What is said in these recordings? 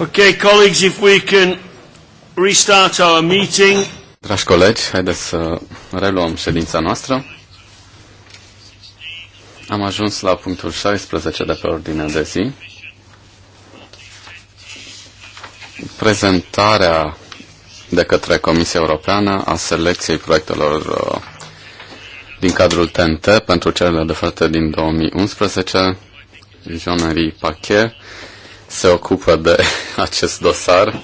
Okay, colleagues, if we can restart our meeting. Dragi colegi, haideți să reluăm ședința noastră. Am ajuns la punctul 16 de pe ordinea de zi. Prezentarea de către Comisia Europeană a selecției proiectelor uh, din cadrul TNT pentru cele de ofertă din 2011, Jean-Marie se ocupă de acest dosar,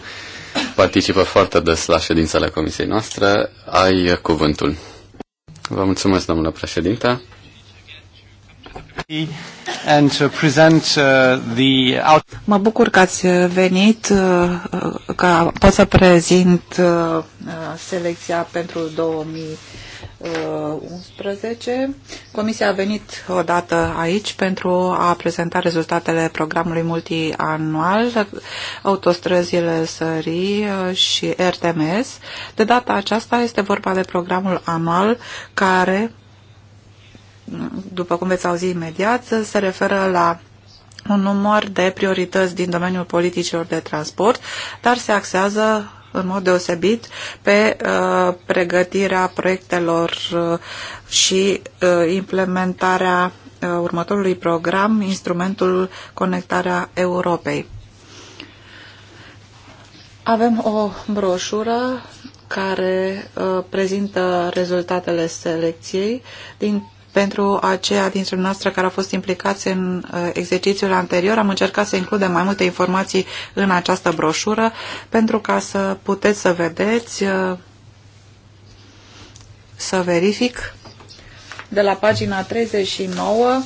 participă foarte des la ședințele comisiei noastre. Ai cuvântul. Vă mulțumesc, domnule președinte. And to present uh, the out. Mă bucur că ați venit, uh, uh, ca pot să prezint selecția pentru 2000. 2011. Uh, Comisia a venit odată aici pentru a prezenta rezultatele programului multianual Autostrăzile Sării uh, și RTMS. De data aceasta este vorba de programul anual care, după cum veți auzi imediat, se referă la un număr de priorități din domeniul politicilor de transport, dar se axează în mod deosebit pe uh, pregătirea proiectelor uh, și uh, implementarea uh, următorului program, instrumentul Conectarea Europei. Avem o broșură care uh, prezintă rezultatele selecției din pentru aceia dintre noastre care au fost implicați în uh, exercițiul anterior. Am încercat să includem mai multe informații în această broșură pentru ca să puteți să vedeți, uh, să verific de la pagina 39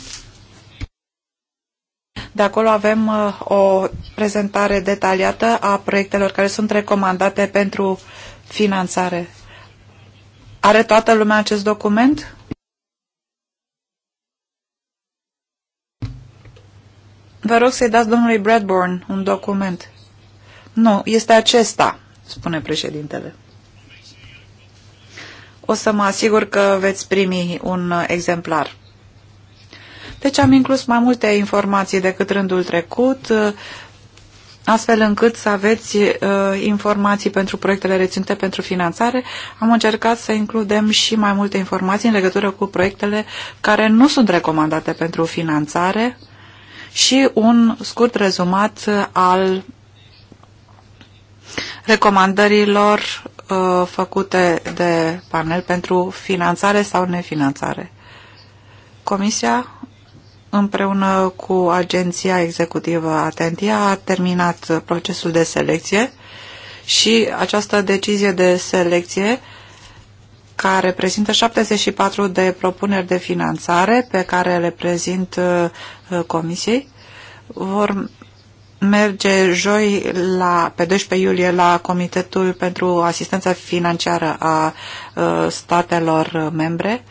de acolo avem uh, o prezentare detaliată a proiectelor care sunt recomandate pentru finanțare. Are toată lumea acest document? Vă rog să-i dați domnului Bradburn un document. Nu, este acesta, spune președintele. O să mă asigur că veți primi un exemplar. Deci am inclus mai multe informații decât rândul trecut, astfel încât să aveți uh, informații pentru proiectele reținute pentru finanțare. Am încercat să includem și mai multe informații în legătură cu proiectele care nu sunt recomandate pentru finanțare, și un scurt rezumat al recomandărilor uh, făcute de panel pentru finanțare sau nefinanțare. Comisia, împreună cu Agenția Executivă Atentia, a terminat procesul de selecție și această decizie de selecție uh, care prezintă 74 de propuneri de finanțare pe care le prezint uh, uh, Comisiei. Vor merge joi la, pe 12 iulie la Comitetul pentru Asistența Financiară a uh, statelor membre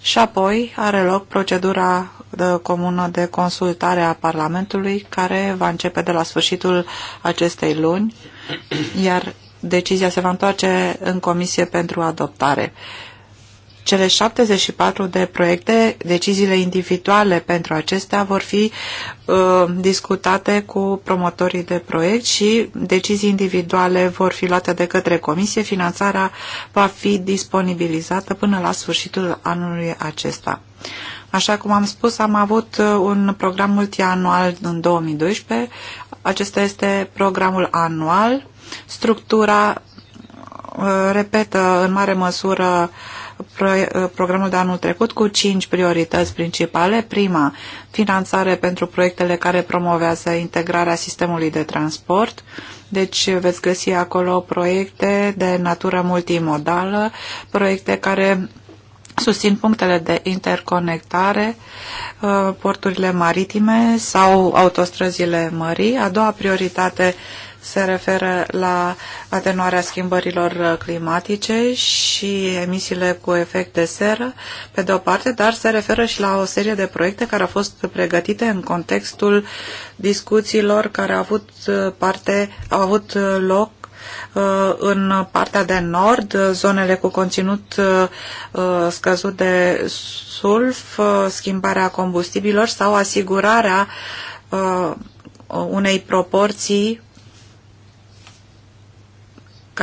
și apoi are loc procedura de comună de consultare a Parlamentului care va începe de la sfârșitul acestei luni, iar decizia se va întoarce în comisie pentru adoptare. Cele 74 de proiecte, deciziile individuale pentru acestea vor fi uh, discutate cu promotorii de proiect și decizii individuale vor fi luate de către comisie. Finanțarea va fi disponibilizată până la sfârșitul anului acesta. Așa cum am spus, am avut uh, un program multianual în 2012. Acesta este programul anual Structura uh, repetă în mare măsură uh, programul de anul trecut cu cinci priorități principale. Prima, finanțare pentru proiectele care promovează integrarea sistemului de transport. Deci veți găsi acolo proiecte de natură multimodală, proiecte care susțin punctele de interconectare, uh, porturile maritime sau autostrăzile mării. A doua prioritate se referă la atenuarea schimbărilor uh, climatice și emisiile cu efect de seră, pe de o parte, dar se referă și la o serie de proiecte care au fost pregătite în contextul discuțiilor care au avut, uh, parte, au avut uh, loc în partea de nord, zonele cu conținut scăzut de sulf, schimbarea combustibilor sau asigurarea unei proporții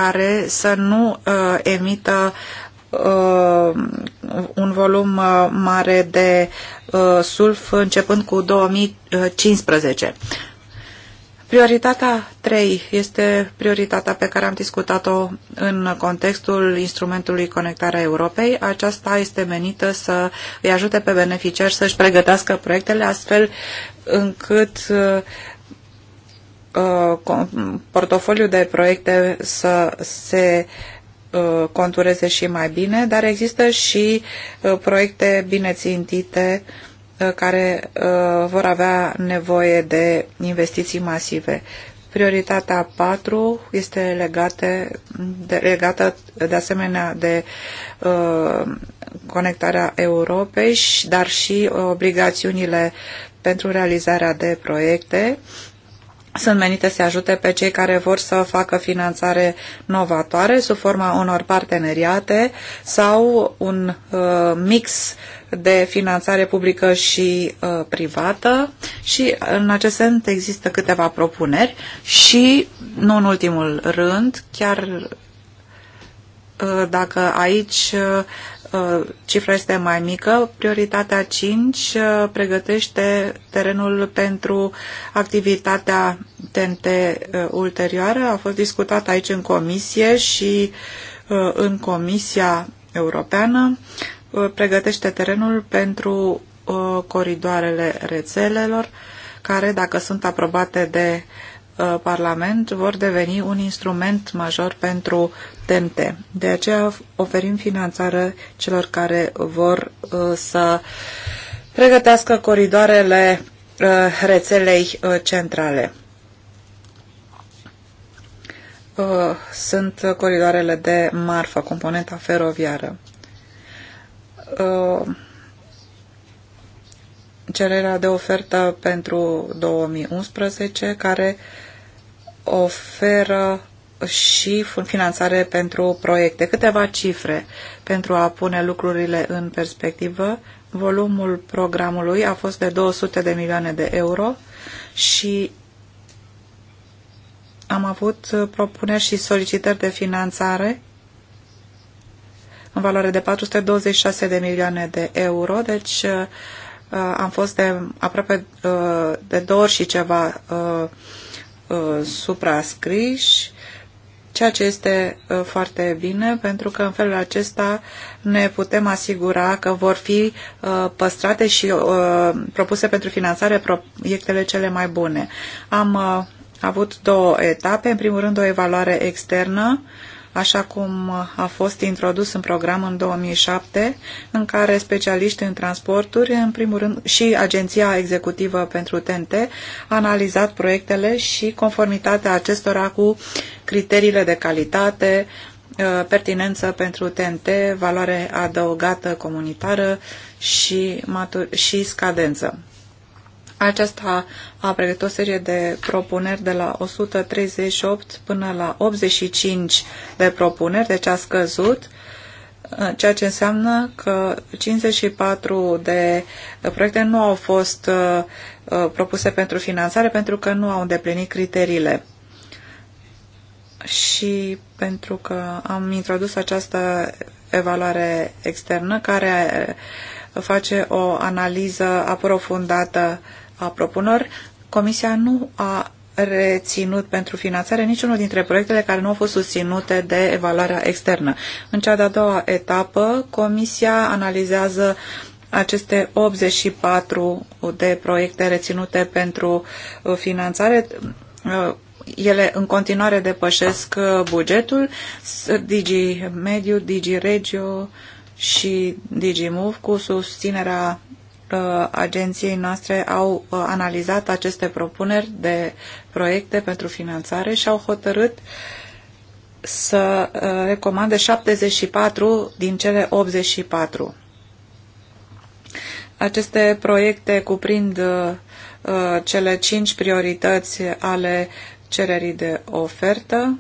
care să nu uh, emită uh, un volum uh, mare de uh, sulf începând cu 2015. Prioritatea 3 este prioritatea pe care am discutat-o în contextul instrumentului Conectarea Europei. Aceasta este menită să îi ajute pe beneficiari să-și pregătească proiectele astfel încât uh, Uh, portofoliu de proiecte să se uh, contureze și mai bine, dar există și uh, proiecte bine țintite care vor avea nevoie de investiții masive. Prioritatea 4 este legate, de, legată de asemenea de uh, conectarea Europei, dar și obligațiunile pentru realizarea de proiecte sunt menite să ajute pe cei care vor să facă finanțare novatoare sub forma unor parteneriate sau un uh, mix de finanțare publică și uh, privată și în acest sens există câteva propuneri și, nu în ultimul rând, chiar uh, dacă aici uh, Uh, cifra este mai mică. Prioritatea 5 uh, pregătește terenul pentru activitatea TNT uh, ulterioară. A fost discutat aici în comisie și în Comisia Europeană. Pregătește terenul pentru coridoarele rețelelor care, dacă sunt aprobate de Uh, Parlament vor deveni un instrument major pentru TMT. De aceea oferim finanțare celor care vor uh, să pregătească coridoarele uh, rețelei centrale. Sunt coridoarele de marfă, componenta feroviară cererea de ofertă pentru 2011, care oferă și finanțare pentru proiecte. Câteva cifre pentru a pune lucrurile în perspectivă. Volumul programului a fost de 200 de milioane de euro și am avut propuneri și solicitări de finanțare în valoare de 426 de milioane de euro, deci uh, am fost de aproape uh, de două ori și ceva uh, Uh, suprascriși, ceea ce este uh, foarte bine, pentru că în felul acesta ne putem asigura că vor fi uh, păstrate și propuse pentru finanțare proiectele cele mai bune. Am avut două etape, în primul rând o evaluare externă uh, așa cum a fost introdus în program în 2007, în care specialiști în transporturi, în primul rând și Agenția Executivă pentru TNT, a analizat proiectele și conformitatea acestora cu criteriile de calitate, uh, pertinență pentru TNT, valoare adăugată comunitară și, și scadență. Aceasta a pregătit o serie de propuneri de la 138 până la 85 de propuneri, deci a scăzut, ceea ce înseamnă că 54 de proiecte nu au fost uh, uh, propuse pentru finanțare pentru că nu au îndeplinit criteriile și pentru că am introdus această evaluare externă care face o analiză aprofundată a propunor Comisia nu a reținut pentru finanțare niciunul dintre proiectele care nu au fost susținute de evaluarea externă. În cea de-a doua etapă, Comisia analizează aceste 84 de proiecte reținute pentru uh, finanțare. Uh, ele în continuare depășesc uh, bugetul. Digi Mediu, Digi Regio și DigiMove cu susținerea Uh, agenției noastre au uh, analizat aceste propuneri de proiecte pentru finanțare și au hotărât să uh, recomande 74 din cele 84. Aceste proiecte cuprind cele cinci priorități ale cererii de ofertă,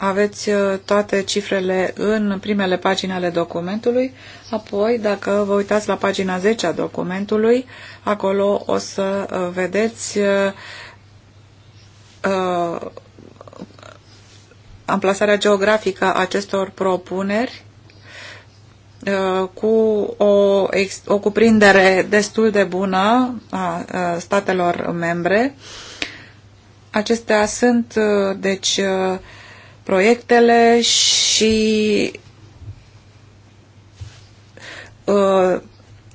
aveți uh, toate cifrele în primele pagini ale documentului, apoi dacă vă uitați la pagina 10 a documentului, acolo o să uh, vedeți uh, uh, amplasarea geografică a acestor propuneri cu o, o cuprindere destul de bună a statelor membre. Acestea sunt, deci, uh, proiectele și uh,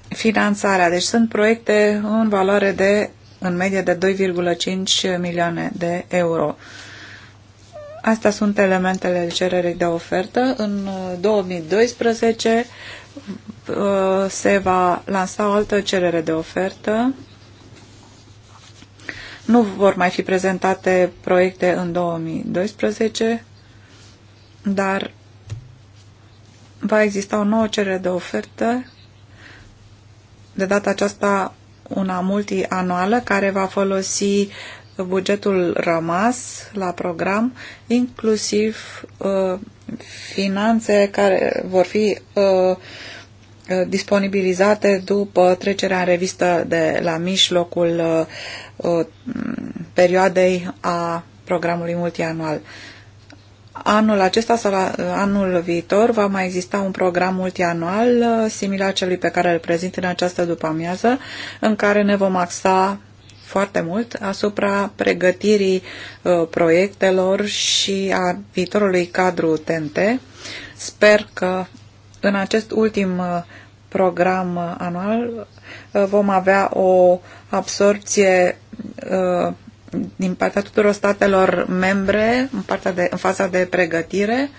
finanțarea. Deci sunt proiecte în valoare de, în medie, de 2,5 milioane de euro. Astea sunt elementele cererii de ofertă. În 2012 uh, uh, se va lansa o altă cerere de ofertă. Nu vor mai fi prezentate proiecte în 2012 dar va exista o nouă cerere de ofertă, de data aceasta una multianuală, care va folosi bugetul rămas la program, inclusiv uh, finanțe care vor fi uh, uh disponibilizate după trecerea în revistă de la mijlocul uh, uh perioadei a programului multianual. Anul acesta sau la uh, anul viitor va mai exista un program multianual uh, similar celui pe care îl prezint în această după-amiază, în care ne vom axa foarte mult asupra pregătirii uh, proiectelor și a viitorului cadru TNT. Sper că în acest ultim uh, program uh, anual vom avea o absorpție uh, din partea tuturor statelor membre în, partea de, în fața de pregătire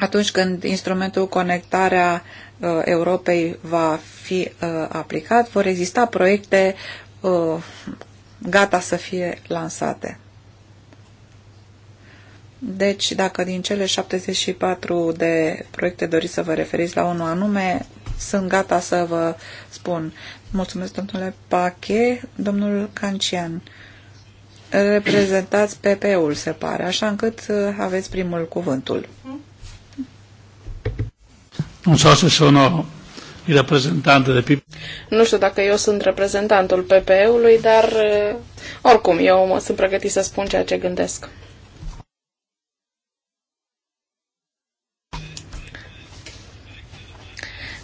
atunci când instrumentul conectarea uh, Europei va fi uh, aplicat, vor exista proiecte uh, gata să fie lansate. Deci, dacă din cele 74 de proiecte doriți să vă referiți la unul anume, sunt gata să vă spun. Mulțumesc, domnule Pache. Domnul Cancian, reprezentați PP-ul, se pare, așa încât uh, aveți primul cuvântul. Nu știu să reprezentant de Nu știu dacă eu sunt reprezentantul pp ului dar uh, oricum eu mă sunt pregătit să spun ceea ce gândesc.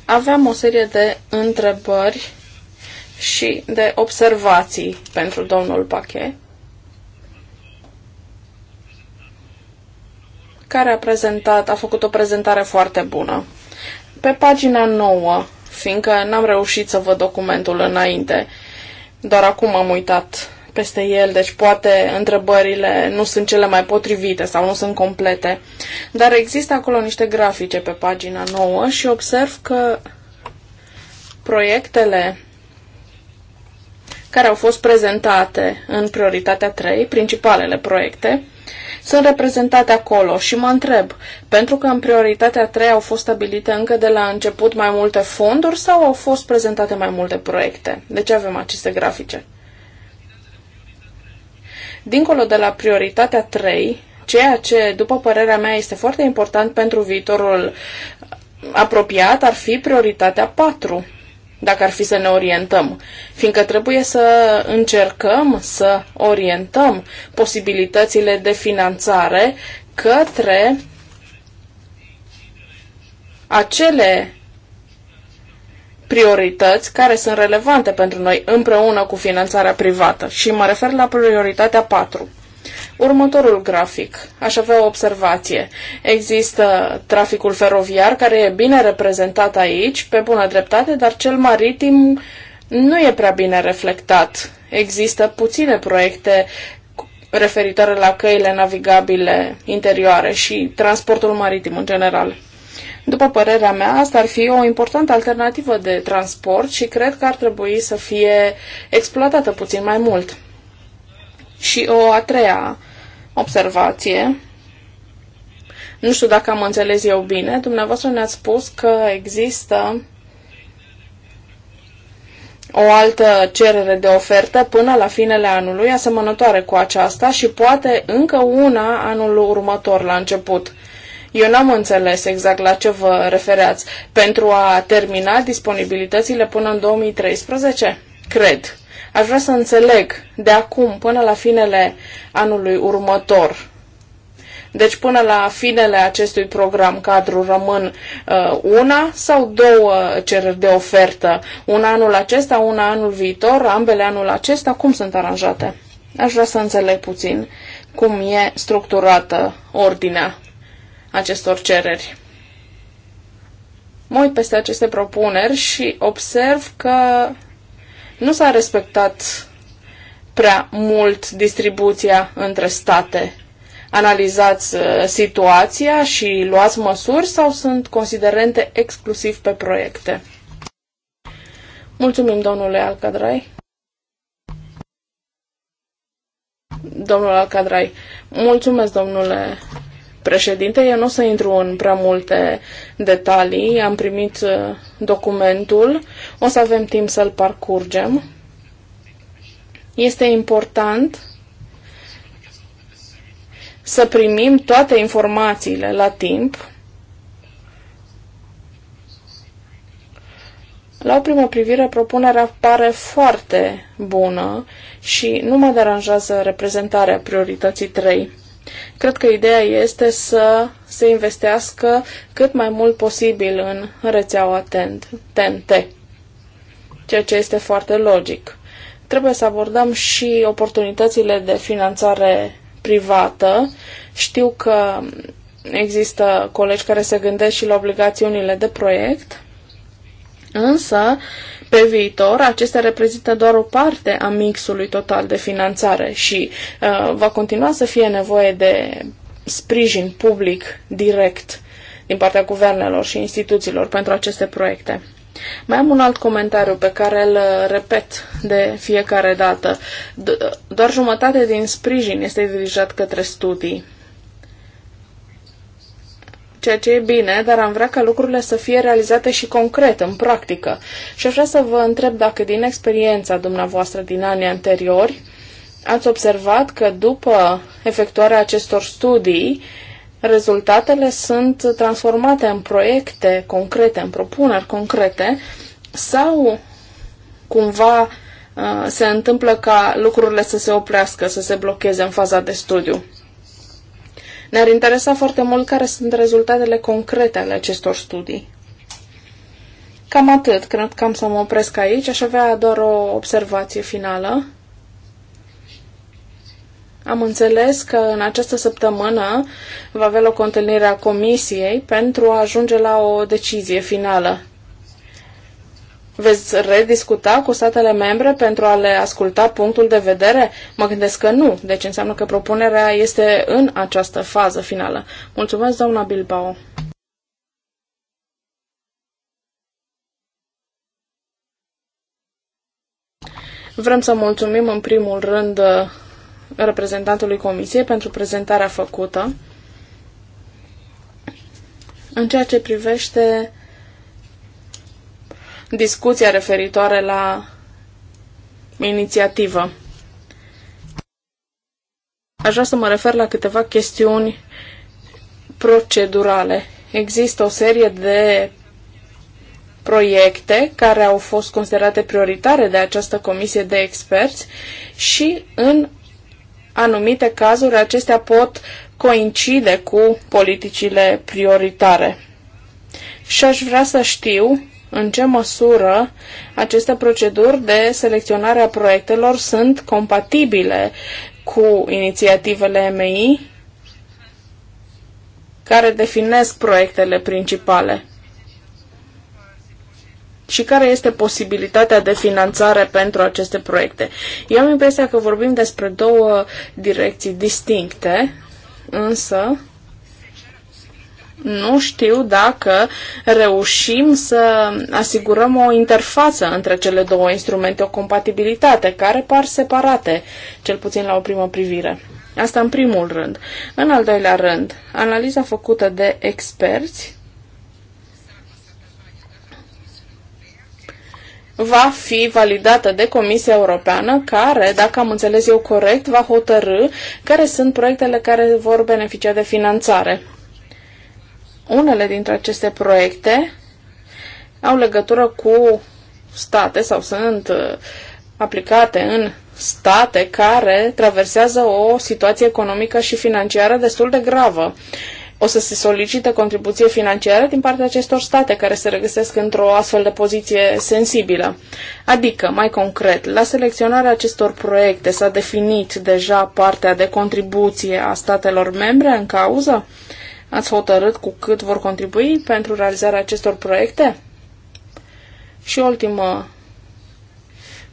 Aveam o serie de întrebări și de observații pentru domnul Pache, care a prezentat, a făcut o prezentare foarte bună. Pe pagina 9, fiindcă n-am reușit să văd documentul înainte, doar acum am uitat peste el, deci poate întrebările nu sunt cele mai potrivite sau nu sunt complete. Dar există acolo niște grafice pe pagina 9 și observ că proiectele care au fost prezentate în prioritatea 3, principalele proiecte, sunt reprezentate acolo și mă întreb, pentru că în prioritatea 3 au fost stabilite încă de la început mai multe fonduri sau au fost prezentate mai multe proiecte? De ce avem aceste grafice? Dincolo de la prioritatea 3, ceea ce, după părerea mea, este foarte important pentru viitorul apropiat ar fi prioritatea 4, dacă ar fi să ne orientăm, fiindcă trebuie să încercăm să orientăm posibilitățile de finanțare către acele priorități care sunt relevante pentru noi împreună cu finanțarea privată. Și mă refer la prioritatea 4. Următorul grafic. Aș avea o observație. Există traficul feroviar, care e bine reprezentat aici, pe bună dreptate, dar cel maritim nu e prea bine reflectat. Există puține proiecte referitoare la căile navigabile interioare și transportul maritim în general. După părerea mea, asta ar fi o importantă alternativă de transport și cred că ar trebui să fie exploatată puțin mai mult. Și o a treia observație, nu știu dacă am înțeles eu bine, dumneavoastră ne-ați spus că există o altă cerere de ofertă până la finele anului, asemănătoare cu aceasta și poate încă una anul următor la început. Eu n-am înțeles exact la ce vă refereați. Pentru a termina disponibilitățile până în 2013? Cred. Aș vrea să înțeleg de acum până la finele anului următor. Deci până la finele acestui program cadru rămân uh, una sau două cereri de ofertă. Un anul acesta, una anul viitor, ambele anul acesta, cum sunt aranjate? Aș vrea să înțeleg puțin cum e structurată ordinea acestor cereri. Mă uit peste aceste propuneri și observ că nu s-a respectat prea mult distribuția între state. Analizați uh, situația și luați măsuri sau sunt considerente exclusiv pe proiecte? Mulțumim, domnule Alcadrai. Domnul Alcadrai, mulțumesc, domnule președinte. Eu nu o să intru în prea multe detalii. Am primit uh, documentul. O să avem timp să-l parcurgem. Este important să primim toate informațiile la timp. La o primă privire, propunerea pare foarte bună și nu mă deranjează reprezentarea priorității 3. Cred că ideea este să se investească cât mai mult posibil în rețeaua TNT, ceea ce este foarte logic. Trebuie să abordăm și oportunitățile de finanțare privată. Știu că există colegi care se gândesc și la obligațiunile de proiect. Însă, pe viitor, acestea reprezintă doar o parte a mixului total de finanțare și uh, va continua să fie nevoie de sprijin public direct din partea guvernelor și instituțiilor pentru aceste proiecte. Mai am un alt comentariu pe care îl uh, repet de fiecare dată. Do uh, doar jumătate din sprijin este dirijat către studii ceea ce e bine, dar am vrea ca lucrurile să fie realizate și concret, în practică. Și aș vrea să vă întreb dacă din experiența dumneavoastră din anii anteriori ați observat că după efectuarea acestor studii, rezultatele sunt transformate în proiecte concrete, în propuneri concrete sau cumva uh, se întâmplă ca lucrurile să se oprească, să se blocheze în faza de studiu. Ne-ar interesa foarte mult care sunt rezultatele concrete ale acestor studii. Cam atât. Cred că am să mă opresc aici. Aș avea doar o observație finală. Am înțeles că în această săptămână va avea loc o întâlnire a comisiei pentru a ajunge la o decizie finală. Veți rediscuta cu statele membre pentru a le asculta punctul de vedere? Mă gândesc că nu, deci înseamnă că propunerea este în această fază finală. Mulțumesc, doamna Bilbao. Vrem să mulțumim în primul rând reprezentantului Comisiei pentru prezentarea făcută. În ceea ce privește discuția referitoare la inițiativă. Aș vrea să mă refer la câteva chestiuni procedurale. Există o serie de proiecte care au fost considerate prioritare de această comisie de experți și în anumite cazuri acestea pot coincide cu politicile prioritare. Și aș vrea să știu în ce măsură aceste proceduri de selecționare a proiectelor sunt compatibile cu inițiativele MI care definesc proiectele principale și care este posibilitatea de finanțare pentru aceste proiecte. Eu am impresia că vorbim despre două direcții distincte, însă nu știu dacă reușim să asigurăm o interfață între cele două instrumente, o compatibilitate, care par separate, cel puțin la o primă privire. Asta în primul rând. În al doilea rând, analiza făcută de experți va fi validată de Comisia Europeană, care, dacă am înțeles eu corect, va hotărâ care sunt proiectele care vor beneficia de finanțare. Unele dintre aceste proiecte au legătură cu state sau sunt uh, aplicate în state care traversează o situație economică și financiară destul de gravă. O să se solicite contribuție financiară din partea acestor state care se regăsesc într-o astfel de poziție sensibilă. Adică, mai concret, la selecționarea acestor proiecte s-a definit deja partea de contribuție a statelor membre în cauză? Uh, Ați hotărât cu cât vor contribui pentru realizarea acestor proiecte? Și ultimă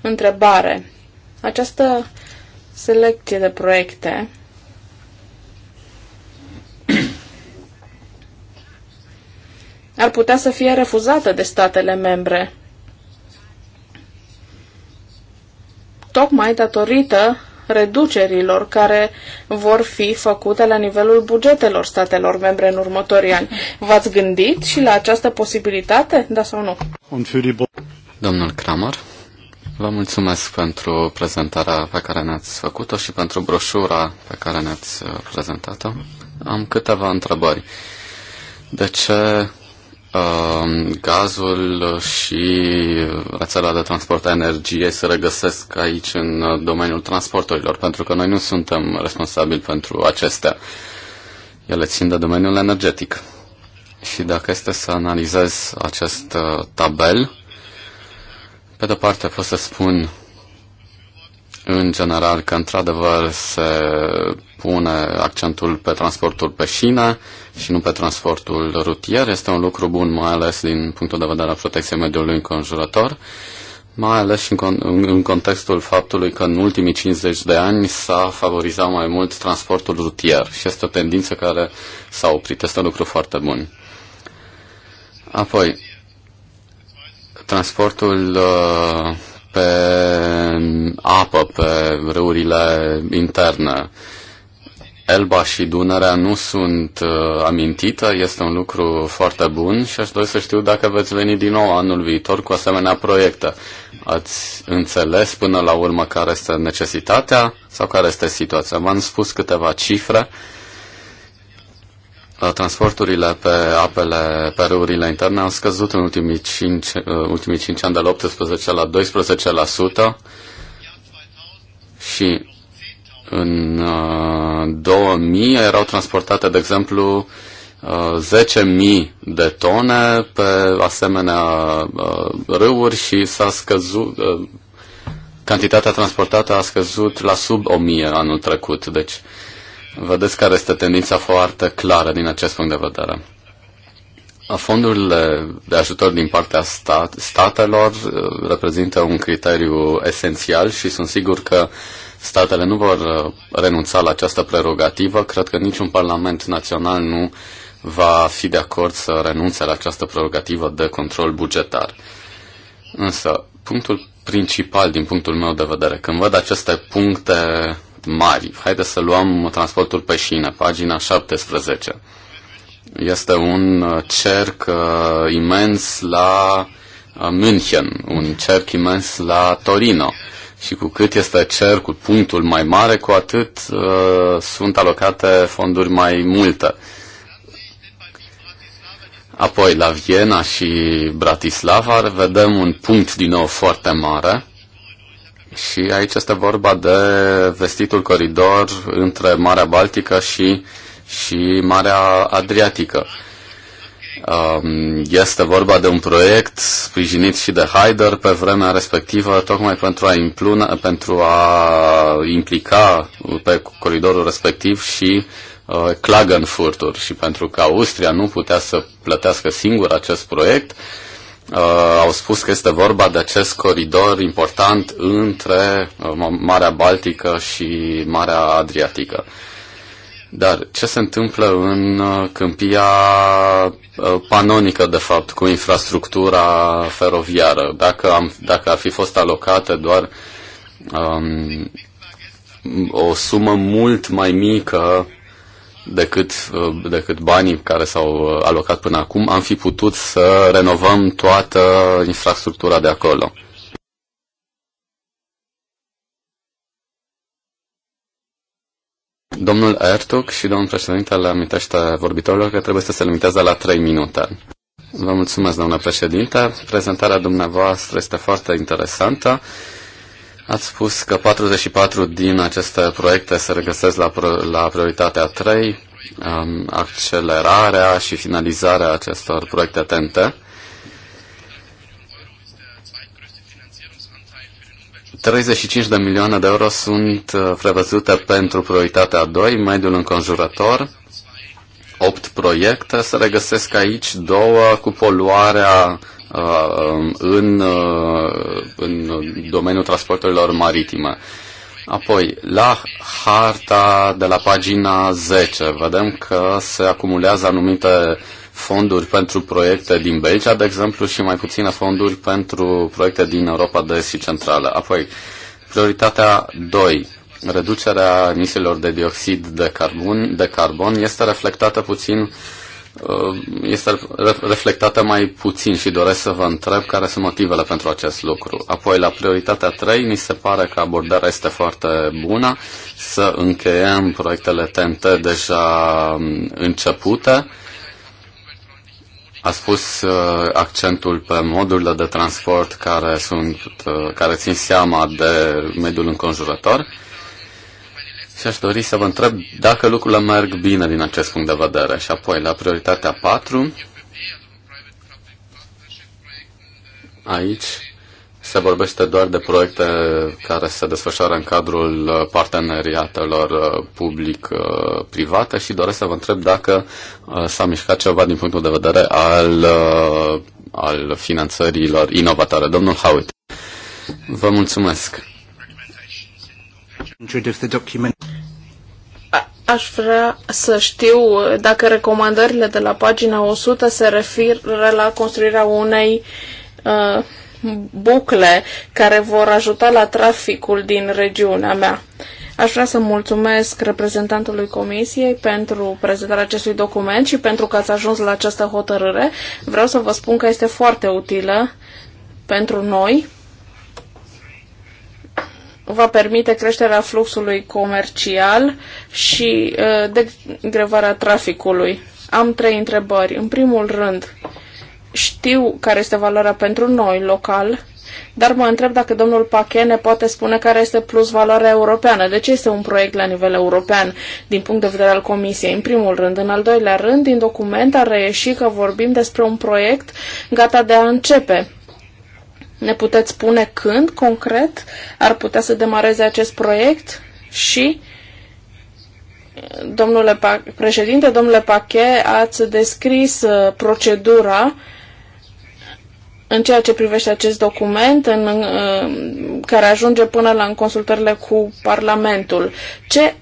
întrebare. Această selecție de proiecte ar putea să fie refuzată de statele membre, tocmai datorită reducerilor care vor fi făcute la nivelul bugetelor statelor membre în următorii ani. V-ați gândit și la această posibilitate, da sau nu? Domnul Kramer, vă mulțumesc pentru prezentarea pe care ne-ați făcut-o și pentru broșura pe care ne-ați uh, prezentat-o. Am câteva întrebări. De ce Um, gazul și rețeaua de transport a energiei se regăsesc aici în uh, domeniul transporturilor, pentru că noi nu suntem responsabili pentru acestea. Ele țin de domeniul energetic. Și dacă este să analizez acest uh, tabel, pe de parte pot să spun în general că într-adevăr se pune accentul pe transportul pe șine și nu pe transportul rutier. Este un lucru bun, mai ales din punctul de vedere al protecției mediului înconjurător, mai ales în, con- în contextul faptului că în ultimii 50 de ani s-a favorizat mai mult transportul rutier și este o tendință care s-a oprit. Este un lucru foarte bun. Apoi, transportul uh, pe apă, pe râurile interne. Elba și Dunărea nu sunt uh, amintite, este un lucru foarte bun și aș dori să știu dacă veți veni din nou anul viitor cu asemenea proiecte. Ați înțeles până la urmă care este necesitatea sau care este situația? V-am spus câteva cifre. Uh, Uh, transporturile pe apele, pe râurile interne au scăzut în ultimii 5, uh, ultimii 5 ani de la 18 la 12% și în 2000 uh, erau transportate, de exemplu, 10.000 de tone pe asemenea râuri și s-a scăzut, cantitatea transportată a scăzut la sub 1.000 anul trecut. Deci, Vedeți care este tendința foarte clară din acest punct de vedere. Fondurile de ajutor din partea stat, statelor uh, reprezintă un criteriu esențial și sunt sigur că statele nu vor uh, renunța la această prerogativă. Cred că niciun parlament național nu va fi de acord să renunțe la această prerogativă de control bugetar. Însă, punctul principal din punctul meu de vedere, când văd aceste puncte mari. Haideți să luăm transportul pe șine, pagina 17. Este un uh, cerc uh, imens la uh, München, un cerc imens la Torino. Și cu cât este cercul, punctul mai mare, cu atât uh, sunt alocate fonduri mai multe. Apoi la Viena și Bratislava vedem un punct din nou foarte mare și aici este vorba de vestitul coridor între Marea Baltică și, și Marea Adriatică. Um, este vorba de un proiect sprijinit și de Haider pe vremea respectivă, tocmai pentru a, impluna, pentru a implica pe coridorul respectiv și uh, Klagenfurtul. Și pentru că Austria nu putea să plătească singur acest proiect, uh, au spus că este vorba de acest coridor important între uh, Marea Baltică și Marea Adriatică. Dar ce se întâmplă în uh, câmpia uh, panonică, de fapt, cu infrastructura feroviară? Dacă, am, dacă ar fi fost alocate doar um, o sumă mult mai mică decât, uh, decât banii care s-au uh, alocat până acum, am fi putut să renovăm toată infrastructura de acolo. Domnul Ertuc și domnul președinte le amintește vorbitorilor că trebuie să se limiteze la 3 minute. Vă mulțumesc, domnule președinte. Prezentarea dumneavoastră este foarte interesantă. Ați spus că 44 din aceste proiecte se regăsesc la, la prioritatea 3, um, accelerarea și finalizarea acestor proiecte TNT. 35 de milioane de euro sunt uh, prevăzute pentru prioritatea 2, mediul înconjurător. 8 proiecte se regăsesc aici, două cu poluarea Uh, în, uh, în domeniul transporturilor maritime. Apoi, la harta de la pagina 10, vedem că se acumulează anumite fonduri pentru proiecte din Belgia, de exemplu, și mai puține fonduri pentru proiecte din Europa de Est și Centrală. Apoi, prioritatea 2, reducerea emisiilor de dioxid de carbon, de carbon este reflectată puțin uh, Uh, este reflectată mai puțin și doresc să vă întreb care sunt motivele pentru acest lucru. Apoi, la prioritatea 3, mi se pare că abordarea este foarte bună, să încheiem proiectele TNT deja um, începute. A spus uh, accentul pe modurile de transport care, sunt, uh, care țin seama de mediul înconjurător și aș dori să vă întreb dacă lucrurile merg bine din acest punct de vedere. Și apoi, la prioritatea 4, aici se vorbește doar de proiecte care se desfășoară în cadrul uh, parteneriatelor uh, public-private uh, și doresc să vă întreb dacă s-a mișcat ceva din punctul de vedere al, al finanțărilor inovatoare. Domnul Hauit, vă mulțumesc aș vrea să știu dacă recomandările de la pagina 100 se referă la construirea unei uh, bucle care vor ajuta la traficul din regiunea mea. Aș vrea să mulțumesc reprezentantului Comisiei pentru prezentarea acestui document și pentru că ați ajuns la această hotărâre. Vreau să vă spun că este foarte utilă pentru noi va permite creșterea fluxului comercial și uh, degrevarea traficului. Am trei întrebări. În primul rând, știu care este valoarea pentru noi local, dar mă întreb dacă domnul Pache ne poate spune care este plus valoarea europeană. De ce este un proiect la nivel european din punct de vedere al Comisiei? În primul rând. În al doilea rând, din document a reieși că vorbim despre un proiect gata de a începe. Ne puteți spune când, concret, ar putea să demareze acest proiect și domnule președinte, domnule Pache, ați descris uh, procedura în ceea ce privește acest document în, în, uh, care ajunge până la în consultările cu Parlamentul. Ce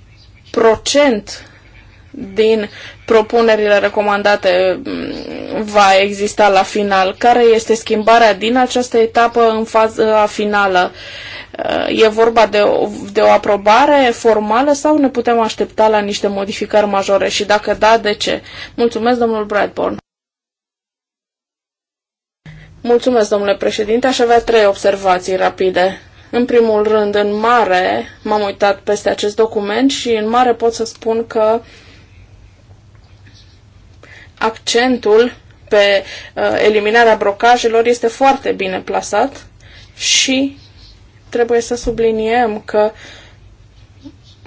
procent din propunerile recomandate mm, va exista la final? Care este schimbarea din această etapă în faza finală? Uh, e vorba de o, de o aprobare formală sau ne putem aștepta la niște modificări majore? Și dacă da, de ce? Mulțumesc, domnul Bradborn. Mulțumesc, domnule președinte. Aș avea trei observații rapide. În primul rând, în mare, m-am uitat peste acest document și în mare pot să spun că uh, accentul pe uh, eliminarea brocajelor este foarte bine plasat și trebuie să subliniem că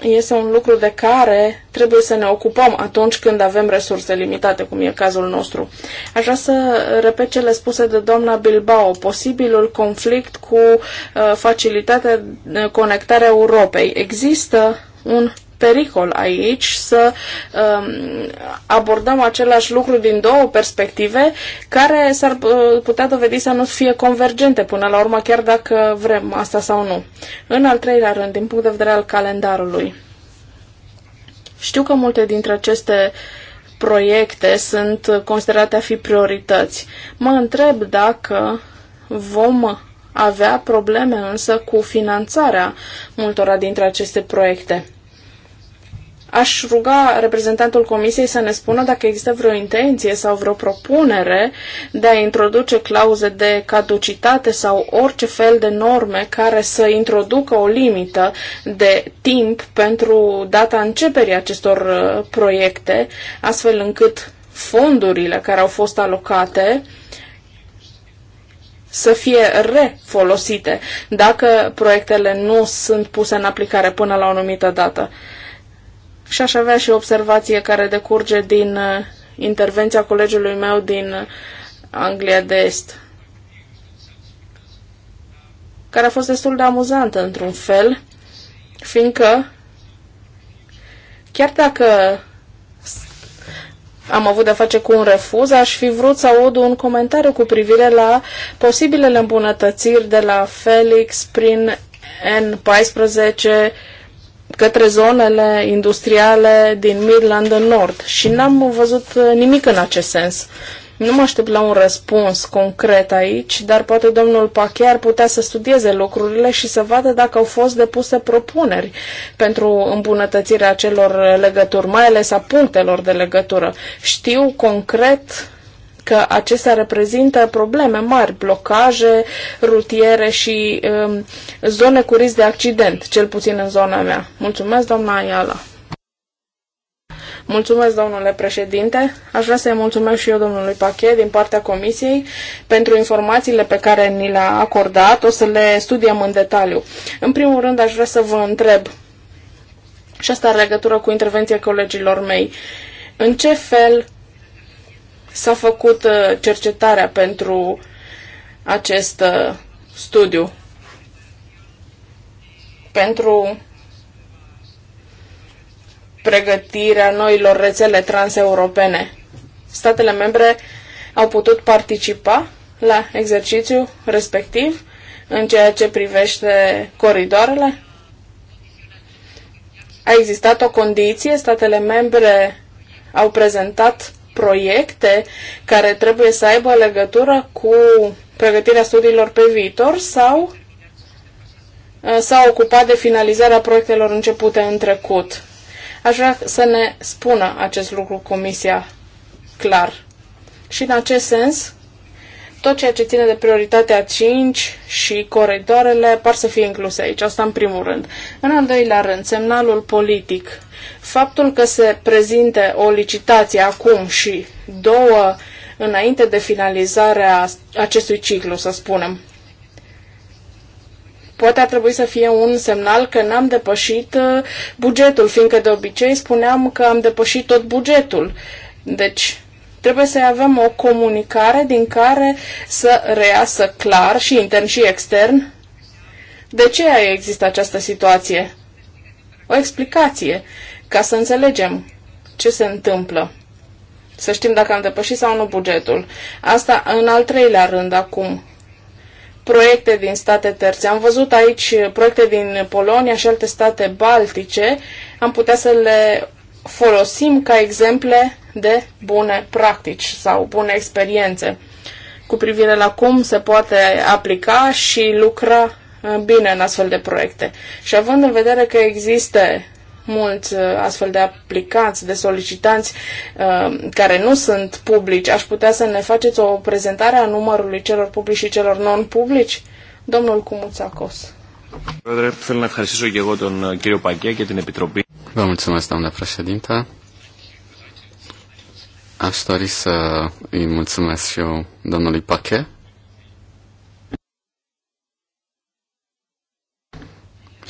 este un lucru de care trebuie să ne ocupăm atunci când avem resurse limitate, cum e cazul nostru. Aș vrea să repet cele spuse de doamna Bilbao, posibilul conflict cu uh, facilitatea a Europei. Există un pericol aici să um, abordăm același lucru din două perspective care s-ar uh, putea dovedi să nu fie convergente până la urmă, chiar dacă vrem asta sau nu. În al treilea rând, din punct de vedere al calendarului, știu că multe dintre aceste proiecte sunt considerate a fi priorități. Mă întreb dacă vom avea probleme însă cu finanțarea multora dintre aceste proiecte. Aș ruga reprezentantul Comisiei să ne spună dacă există vreo intenție sau vreo propunere de a introduce clauze de caducitate sau orice fel de norme care să introducă o limită de timp pentru data începerii acestor uh, proiecte, astfel încât fondurile care au fost alocate să fie refolosite dacă proiectele nu sunt puse în aplicare până la o anumită dată. Și aș avea și observație care decurge din uh, intervenția colegiului meu din uh, Anglia de Est, care a fost destul de amuzantă într-un fel, fiindcă chiar dacă am avut de a face cu un refuz, aș fi vrut să aud un comentariu cu privire la posibilele îmbunătățiri de la Felix prin N14 către zonele industriale din Midland în nord și n-am văzut uh, nimic în acest sens. Nu mă aștept la un răspuns concret aici, dar poate domnul Pache ar putea să studieze lucrurile și să vadă dacă au fost depuse propuneri pentru îmbunătățirea acelor legături, mai ales a punctelor de legătură. Știu concret că acestea reprezintă probleme mari, blocaje rutiere și um, zone cu risc de accident, cel puțin în zona mea. Mulțumesc, doamna Ayala. Mulțumesc, domnule președinte. Aș vrea să-i mulțumesc și eu domnului Pachet din partea comisiei pentru informațiile pe care ni le-a acordat. O să le studiem în detaliu. În primul rând, aș vrea să vă întreb, și asta în legătură cu intervenția colegilor mei, în ce fel S-a făcut uh, cercetarea pentru acest uh, studiu. Pentru pregătirea noilor rețele transeuropene. Statele membre au putut participa la exercițiu respectiv în ceea ce privește coridoarele? A existat o condiție, statele membre au prezentat proiecte care trebuie să aibă legătură cu pregătirea studiilor pe viitor sau uh, s-a ocupat de finalizarea proiectelor începute în trecut. Aș vrea să ne spună acest lucru Comisia clar. Și în acest sens, tot ceea ce ține de prioritatea 5 și coridoarele par să fie incluse aici, asta în primul rând. În al doilea rând, semnalul politic. Faptul că se prezinte o licitație acum și două înainte de finalizarea acestui ciclu, să spunem, poate ar trebui să fie un semnal că n-am depășit uh, bugetul, fiindcă de obicei spuneam că am depășit tot bugetul. Deci, Trebuie să avem o comunicare din care să reasă clar și intern și extern de ce există această situație. O explicație, ca să înțelegem ce se întâmplă. Să știm dacă am depășit sau nu bugetul. Asta în al treilea rând acum. Proiecte din state terțe. Am văzut aici proiecte din Polonia și alte state baltice. Am putea să le folosim ca exemple de bune practici sau bune experiențe cu privire la cum se poate aplica și lucra uh, bine în astfel de proiecte. Și având în vedere că există mulți uh, astfel de aplicanți, de solicitanți uh, care nu sunt publici, aș putea să ne faceți o prezentare a numărului celor publici și celor non-publici? Domnul Cumuțacos. Vă mulțumesc, doamnă președintă. Aș dori să îi mulțumesc și eu domnului Pache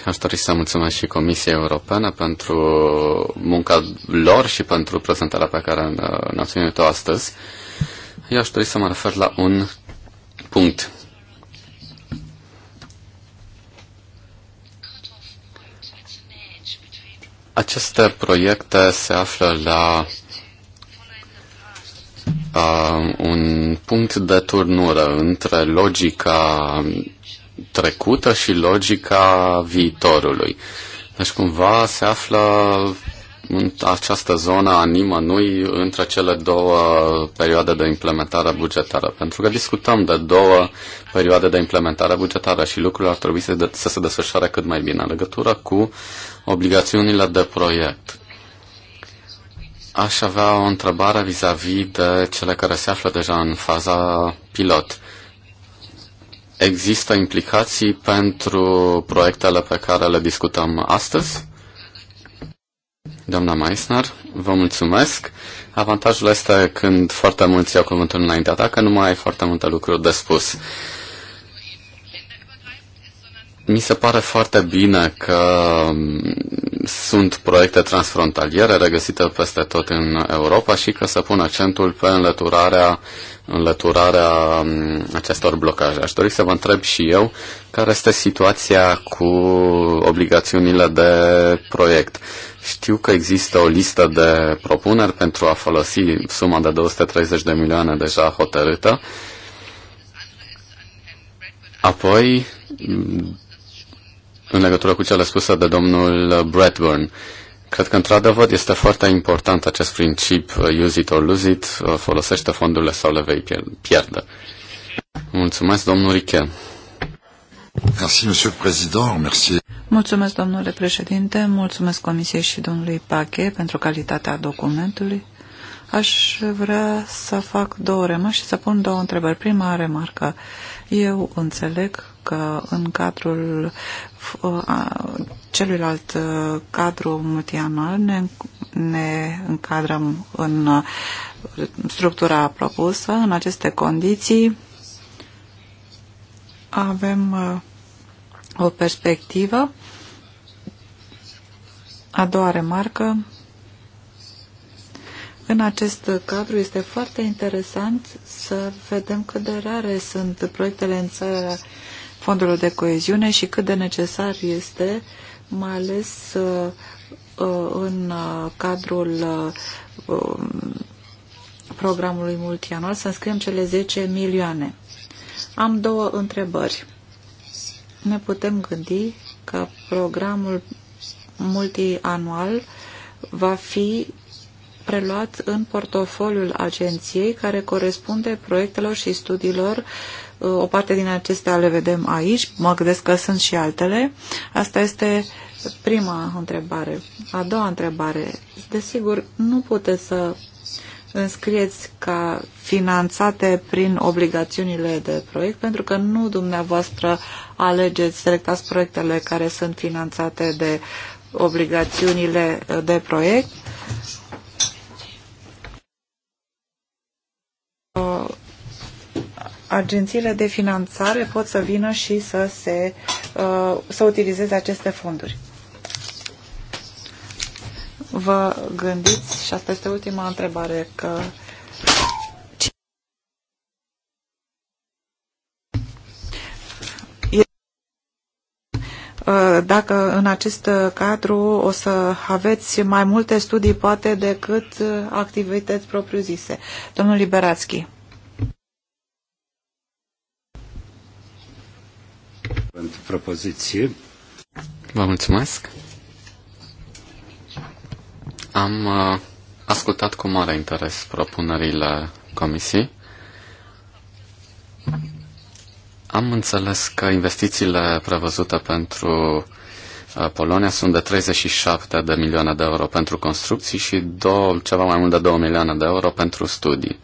Aș dori să mulțumesc și Comisiei Europene pentru munca lor și pentru prezentarea pe care ne-a ținut-o astăzi. Eu aș dori să mă refer la un punct Aceste proiecte se află la uh, un punct de turnură între logica trecută și logica viitorului. Deci cumva se află în această zonă a nimănui între cele două perioade de implementare bugetară. Pentru că discutăm de două perioade de implementare bugetară și lucrurile ar trebui să, de- să se desfășoare cât mai bine în legătură cu obligațiunile de proiect. Aș avea o întrebare vis-a-vis -vis de cele care se află deja în faza pilot. Există implicații pentru proiectele pe care le discutăm astăzi? Doamna Meissner, vă mulțumesc. Avantajul este când foarte mulți iau cuvântul înaintea ta, că nu mai ai foarte multe lucruri de spus. Mi se pare foarte bine că um, sunt proiecte transfrontaliere regăsite peste tot în Europa și că se pun accentul pe înlăturarea, înlăturarea um, acestor blocaje. Aș dori să vă întreb și eu care este situația cu obligațiunile de proiect. Știu că există o listă de propuneri pentru a folosi suma de 230 de milioane deja hotărâtă. Apoi, în legătură cu cele spuse de domnul Bradburn, cred că într-adevăr este foarte important acest principiu use it or lose it, folosește fondurile sau le vei pierde. Mulțumesc, domnul Riche. Merci, monsieur le président. Merci. Mulțumesc, domnule președinte, mulțumesc Comisiei și domnului Pache pentru calitatea documentului. Aș vrea să fac două remarci și să pun două întrebări. Prima remarcă. Eu înțeleg că în cadrul uh, celuilalt uh, cadru multianual ne, ne încadrăm în uh, structura propusă. În aceste condiții avem o perspectivă. A doua remarcă, în acest cadru este foarte interesant să vedem cât de rare sunt proiectele în țara fondurilor de coeziune și cât de necesar este, mai ales uh, uh, în uh, cadrul um, programului multianual, să înscriem cele 10 milioane. Am două întrebări ne putem gândi că programul multianual va fi preluat în portofoliul agenției care corespunde proiectelor și studiilor. O parte din acestea le vedem aici, mă gândesc că sunt și altele. Asta este prima întrebare. A doua întrebare. Desigur, nu puteți să înscrieți ca finanțate prin obligațiunile de proiect, pentru că nu dumneavoastră alegeți, selectați proiectele care sunt finanțate de obligațiunile de proiect. Uh, agențiile de finanțare pot să vină și să, se, uh, să utilizeze aceste fonduri vă gândiți, și asta este ultima întrebare, că dacă în acest cadru o să aveți mai multe studii, poate, decât activități propriu-zise. Domnul Liberațchi. Pentru propoziție. Vă mulțumesc. Am uh, ascultat cu mare interes propunerile comisiei. Am înțeles că investițiile prevăzute pentru uh, Polonia sunt de 37 de milioane de euro pentru construcții și două, ceva mai mult de 2 milioane de euro pentru studii.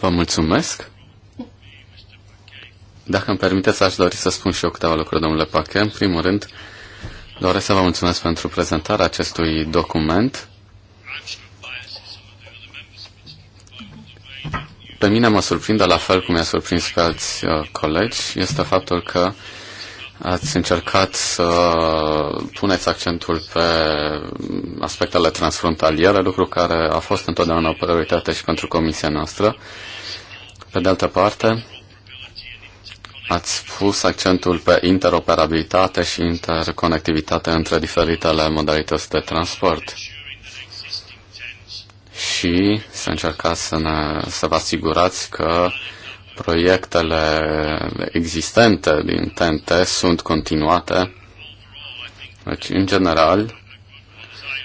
Vă mulțumesc! Dacă îmi permiteți, aș dori să spun și eu câteva lucruri, domnule Pache. În primul rând, doresc să vă mulțumesc pentru prezentarea acestui document. Pe mine mă surprinde, la fel cum i-a surprins pe alți uh, colegi, este faptul că ați încercat să puneți accentul pe aspectele transfrontaliere, lucru care a fost întotdeauna o prioritate și pentru comisia noastră. Pe de altă parte, Ați pus accentul pe interoperabilitate și interconectivitate între diferitele modalități de transport și să încercați să, ne, să vă asigurați că proiectele existente din TNT sunt continuate. Deci, în general,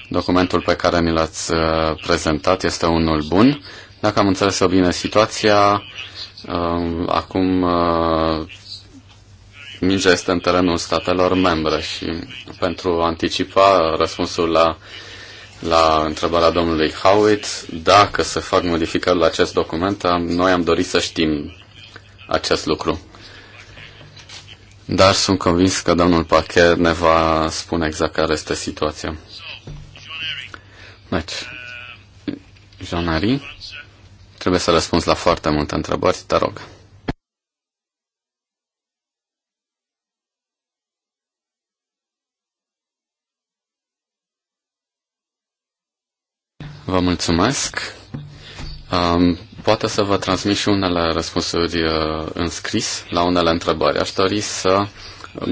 documentul pe care ni l-ați uh, prezentat este unul bun. Dacă am înțeles bine situația, Um, acum uh, mingea este în terenul statelor membre și pentru a anticipa răspunsul la, la întrebarea domnului Howitt, dacă se fac modificări la acest document, noi am dorit să știm acest lucru. Dar sunt convins că domnul Pachet ne va spune exact care este situația. Deci, Jean Henry. Trebuie să răspunzi la foarte multe întrebări, te rog. Vă mulțumesc. Um, poate să vă transmit și unele răspunsuri uh, în scris la unele întrebări. Aș dori să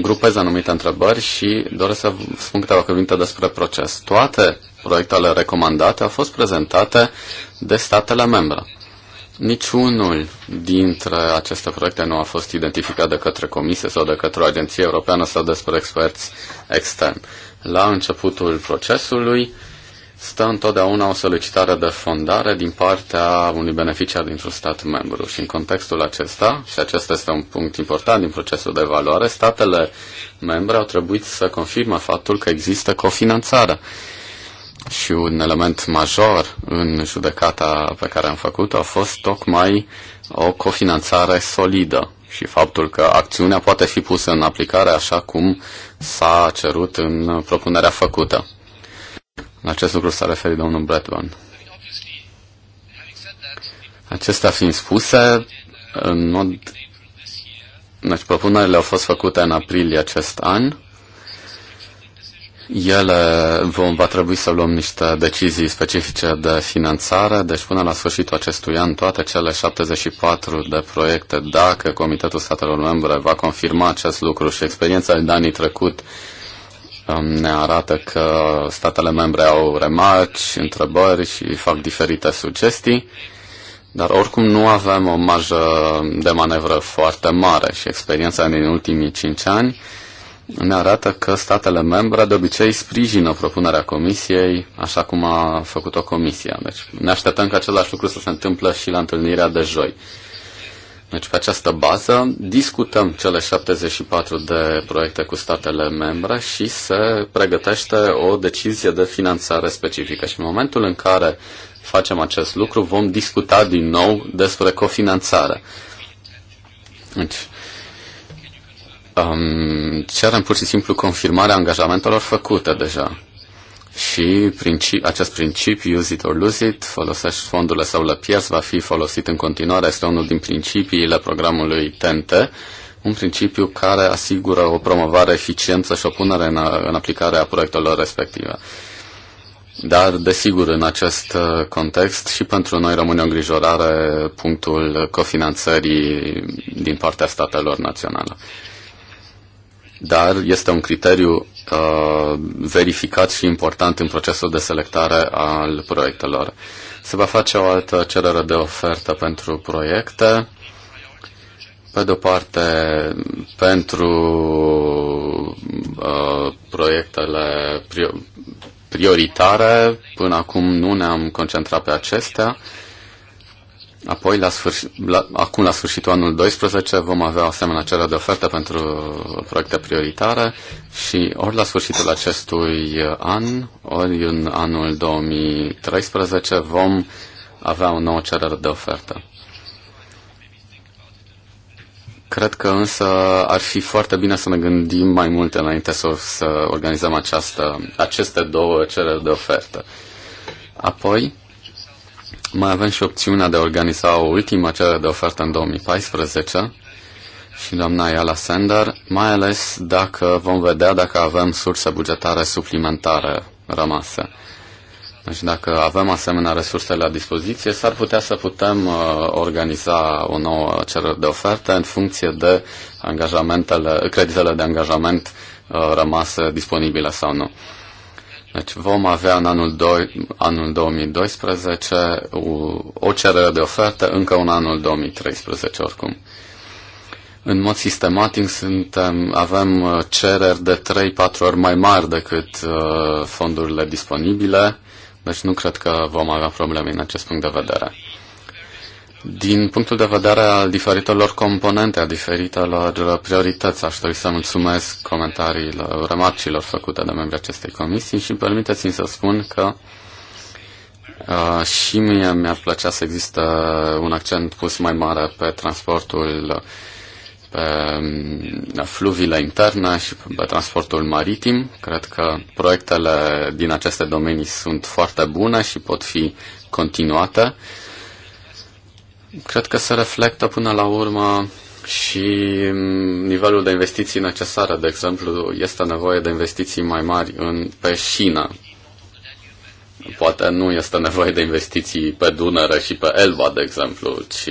grupez anumite întrebări și doresc să spun câteva cuvinte despre proces. Toate proiectele recomandate au fost prezentate de statele membre. Niciunul dintre aceste proiecte nu a fost identificat de către Comisie sau de către o agenție europeană sau despre experți externi. La începutul procesului stă întotdeauna o solicitare de fondare din partea unui beneficiar dintr-un stat membru și în contextul acesta, și acesta este un punct important din procesul de evaluare, statele membre au trebuit să confirme faptul că există cofinanțare și un element major în judecata pe care am făcut-o a fost tocmai o cofinanțare solidă și faptul că acțiunea poate fi pusă în aplicare așa cum s-a cerut în propunerea făcută. La acest lucru s-a referit domnul Bretman. Acestea fiind spuse, în mod... Deci propunerile au fost făcute în aprilie acest an ele vom, va trebui să luăm niște decizii specifice de finanțare, deci până la sfârșitul acestui an toate cele 74 de proiecte, dacă Comitetul Statelor Membre va confirma acest lucru și experiența din anii trecut um, ne arată că statele membre au remarci, întrebări și fac diferite sugestii, dar oricum nu avem o marjă de manevră foarte mare și experiența din ultimii 5 ani ne arată că statele membre de obicei sprijină propunerea comisiei așa cum a făcut-o comisia. Deci ne așteptăm ca același lucru să se întâmplă și la întâlnirea de joi. Deci pe această bază discutăm cele 74 de proiecte cu statele membre și se pregătește o decizie de finanțare specifică. Și în momentul în care facem acest lucru vom discuta din nou despre cofinanțare. Deci, um, cerem pur și simplu confirmarea angajamentelor făcute deja. Și principi, acest principiu, use it or lose it, folosești fondurile sau le pierzi, va fi folosit în continuare, este unul din principiile programului TNT, un principiu care asigură o promovare eficientă și o punere în, în aplicare a proiectelor respective. Dar, desigur, în acest uh, context și pentru noi rămâne o îngrijorare punctul cofinanțării din partea statelor naționale dar este un criteriu uh, verificat și important în procesul de selectare al proiectelor. Se va face o altă cerere de ofertă pentru proiecte, pe de-o parte pentru uh, proiectele prioritare, până acum nu ne-am concentrat pe acestea, uh, Apoi, la sfârși, la, acum, la sfârșitul anul 12, vom avea asemenea cerere de ofertă pentru proiecte prioritare și ori la sfârșitul acestui an, ori în anul 2013, vom avea o nouă cerere de ofertă. Cred că însă ar fi foarte bine să ne gândim mai mult înainte să, să organizăm această, aceste două cereri de ofertă. Apoi, mai avem și opțiunea de a organiza o ultimă cerere de ofertă în 2014 și doamna Iala Sender, mai ales dacă vom vedea dacă avem surse bugetare suplimentare rămase. Deci dacă avem asemenea resurse la dispoziție, s-ar putea să putem uh, organiza o nouă cerere de ofertă în funcție de angajamentele, creditele de angajament uh, rămase disponibile sau nu. Deci vom avea în anul, doi, anul 2012 o cerere de ofertă încă în anul 2013 oricum. În mod sistematic suntem, avem uh, cereri de 3-4 ori mai mari decât uh, fondurile disponibile, deci nu cred că vom avea probleme în acest punct de vedere. Din punctul de vedere al diferitelor componente, a diferitelor priorități, aș dori să mulțumesc comentariilor, remarcilor făcute de membrii acestei comisii și permiteți-mi să spun că uh, și mie mi-ar plăcea să există un accent pus mai mare pe transportul pe mm, fluviile interne și pe transportul maritim. Cred că proiectele din aceste domenii sunt foarte bune și pot fi continuate cred că se reflectă până la urmă și nivelul de investiții necesare. De exemplu, este nevoie de investiții mai mari în șină. Poate nu este nevoie de investiții pe Dunăre și pe Elba, de exemplu, ci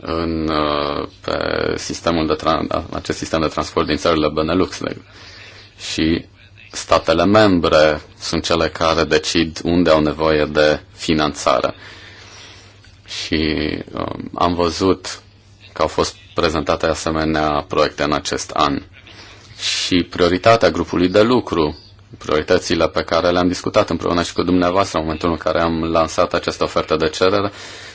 în, uh, pe sistemul de tra- acest sistem de transport din țările Benelux. Și statele membre sunt cele care decid unde au nevoie de finanțare și uh, am văzut că au fost prezentate asemenea proiecte în acest an. Și prioritatea grupului de lucru, prioritățile pe care le-am discutat împreună și cu dumneavoastră în momentul în care am lansat această ofertă de cerere,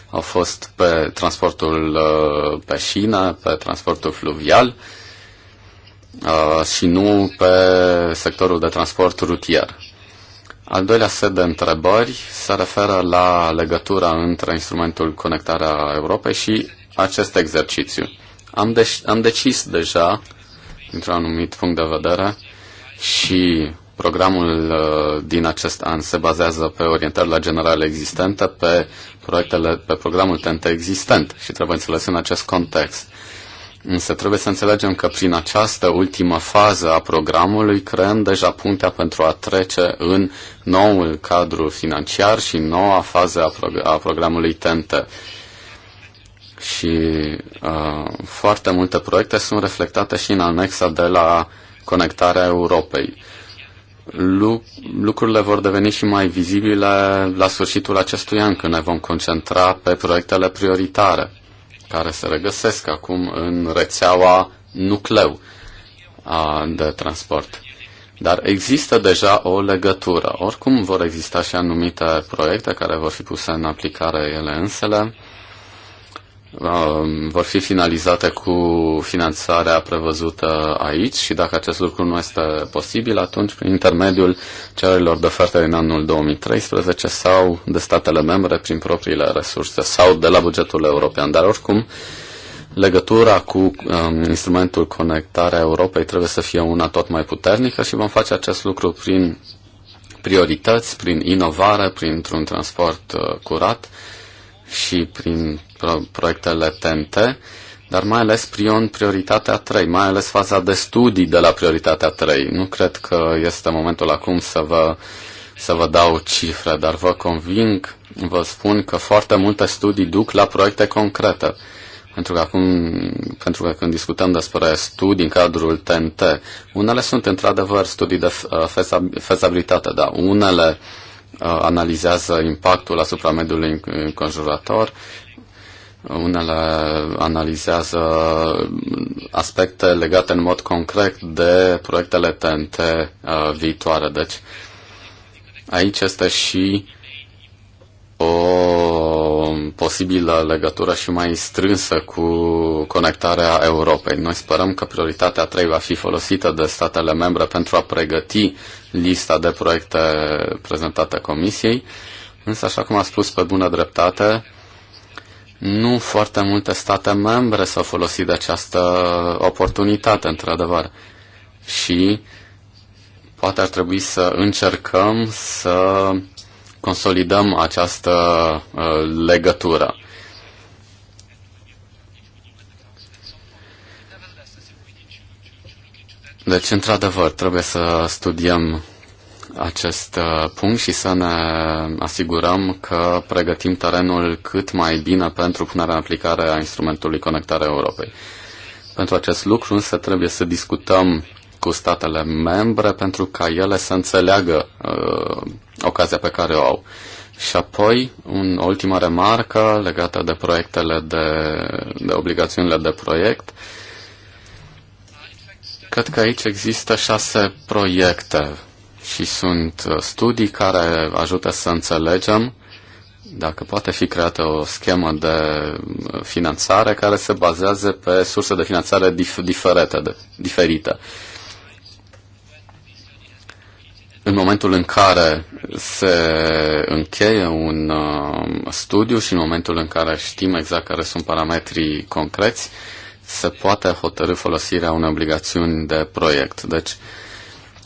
au fost pe transportul uh, pe șină, pe transportul fluvial uh, și nu pe sectorul de transport rutier. Al doilea set de întrebări se referă la legătura între instrumentul Conectarea Europei și acest exercițiu. Am, de- deci, am decis deja, dintr-un anumit punct de vedere, și programul uh, din acest an se bazează pe orientările generale existente, pe proiectele, pe programul TENT existent și trebuie înțeles în acest context. Însă trebuie să înțelegem că prin această ultimă fază a programului creăm deja puntea pentru a trece în noul cadru financiar și noua fază a, prog- a programului TNT. Și uh, foarte multe proiecte sunt reflectate și în anexa de la conectarea Europei. Lu- lucrurile vor deveni și mai vizibile la sfârșitul acestui an, când ne vom concentra pe proiectele prioritare care se regăsesc acum în rețeaua nucleu de transport. Dar există deja o legătură. Oricum vor exista și anumite proiecte care vor fi puse în aplicare ele însele Um, vor fi finalizate cu finanțarea prevăzută aici și dacă acest lucru nu este posibil, atunci prin intermediul cererilor de oferte din anul 2013 sau de statele membre prin propriile resurse sau de la bugetul european. Dar oricum, legătura cu um, instrumentul Conectarea Europei trebuie să fie una tot mai puternică și vom face acest lucru prin priorități, prin inovare, printr-un transport uh, curat și prin proiectele TNT, dar mai ales prion prioritatea 3, mai ales faza de studii de la prioritatea 3. Nu cred că este momentul acum să vă, să vă dau cifre, dar vă conving, vă spun că foarte multe studii duc la proiecte concrete. Pentru că acum, pentru că când discutăm despre studii în cadrul TNT, unele sunt într-adevăr studii de uh, fezabilitate, dar unele uh, analizează impactul asupra mediului înconjurător, unele analizează aspecte legate în mod concret de proiectele TNT viitoare. Deci aici este și o posibilă legătură și mai strânsă cu conectarea Europei. Noi sperăm că prioritatea 3 va fi folosită de statele membre pentru a pregăti lista de proiecte prezentată Comisiei, însă, așa cum a spus pe bună dreptate, nu foarte multe state membre s-au folosit de această oportunitate, într-adevăr. Și poate ar trebui să încercăm să consolidăm această uh, legătură. Deci, într-adevăr, trebuie să studiem acest uh, punct și să ne asigurăm că pregătim terenul cât mai bine pentru punerea în aplicare a instrumentului Conectarea Europei. Pentru acest lucru însă trebuie să discutăm cu statele membre pentru ca ele să înțeleagă uh, ocazia pe care o au. Și apoi, un ultima remarcă legată de proiectele de, de obligațiunile de proiect. Cred că aici există șase proiecte și sunt uh, studii care ajută să înțelegem dacă poate fi creată o schemă de uh, finanțare care se bazează pe surse de finanțare dif- diferite, de, diferite în momentul în care se încheie un uh, studiu și în momentul în care știm exact care sunt parametrii concreți, se poate hotărâ folosirea unei obligațiuni de proiect. Deci,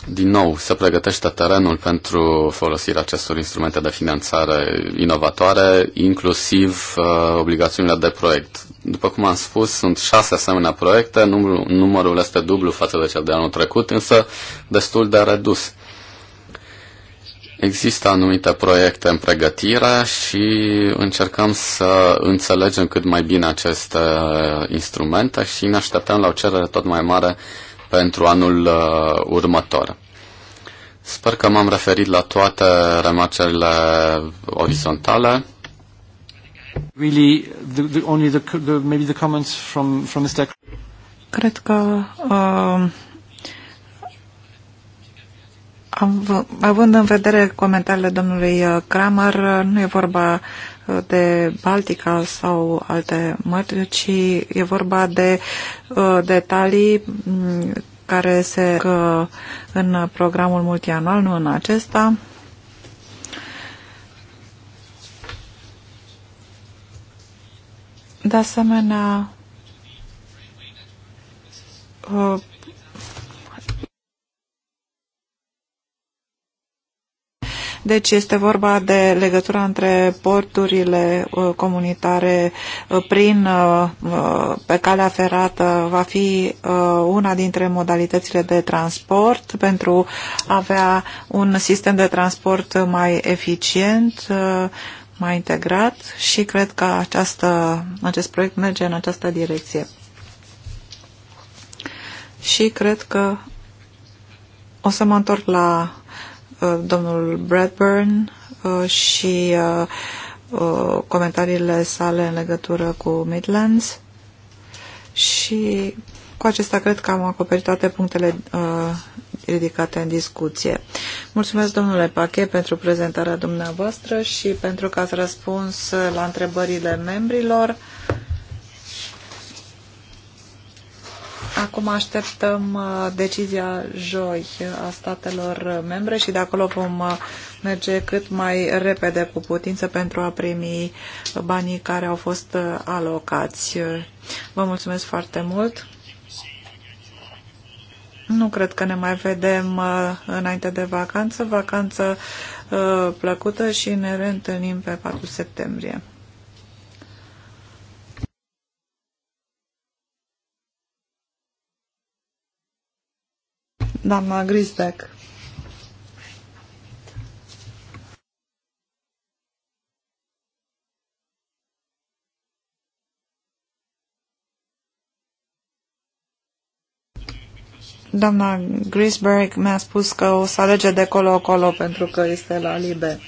din nou, se pregătește terenul pentru folosirea acestor instrumente de finanțare inovatoare, inclusiv uh, obligațiunile de proiect. După cum am spus, sunt șase asemenea proiecte, numărul, numărul este dublu față de cel de anul trecut, însă destul de redus. Există anumite proiecte în pregătire și încercăm să înțelegem cât mai bine aceste instrumente și ne așteptăm la o cerere tot mai mare pentru anul uh, următor. Sper că m-am referit la toate remarcerile orizontale. Really, the, the, only the, the, maybe the comments from, from Mr. Cred că uh, Având în vedere comentariile domnului uh, Kramer, uh, nu e vorba uh, de Baltica sau alte mări, ci e vorba de detalii mm, care se că în programul multianual, nu în acesta. De asemenea, Deci este vorba de legătura între porturile uh, comunitare uh, prin uh, pe calea ferată va fi una dintre modalitățile de transport pentru a avea un sistem de transport mai eficient, mai integrat și cred că această, acest proiect merge în această direcție. Și cred că o să mă întorc la Uh, domnul Bradburn uh, și uh, comentariile sale în legătură cu Midlands și cu acesta cred că am acoperit toate punctele ridicate în discuție. Mulțumesc, domnule Pache, pentru prezentarea dumneavoastră și pentru că ați răspuns la întrebările membrilor. Acum așteptăm uh, decizia joi a statelor membre și de acolo vom uh, merge cât mai repede cu putință pentru a primi banii care au fost uh, alocați. Vă mulțumesc foarte mult! Nu cred că ne mai vedem înainte de vacanță. Vacanță plăcută și ne reîntâlnim pe 4 septembrie. Doamna Grisbeck. Doamna Grisberg mi-a spus că o să alege de colo-colo pentru că este la Libe.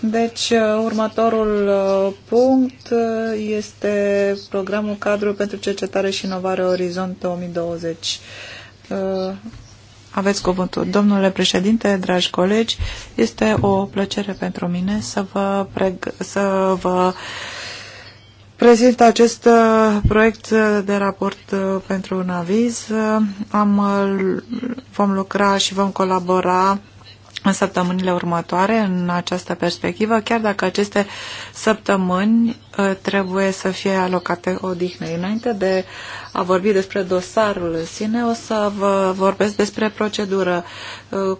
Deci, uh, următorul uh, punct uh, este programul cadru pentru cercetare și inovare Orizont 2020. Aveți cuvântul. Domnule președinte, dragi colegi, este o plăcere pentru mine să vă, preg- să vă prezint acest uh, proiect de raport uh, pentru un aviz. Am, uh, vom lucra și vom colabora în săptămânile următoare în această perspectivă, chiar dacă aceste săptămâni uh, trebuie să fie alocate odihne. Înainte de a vorbi despre dosarul în sine, o să vă vorbesc despre procedură. Uh,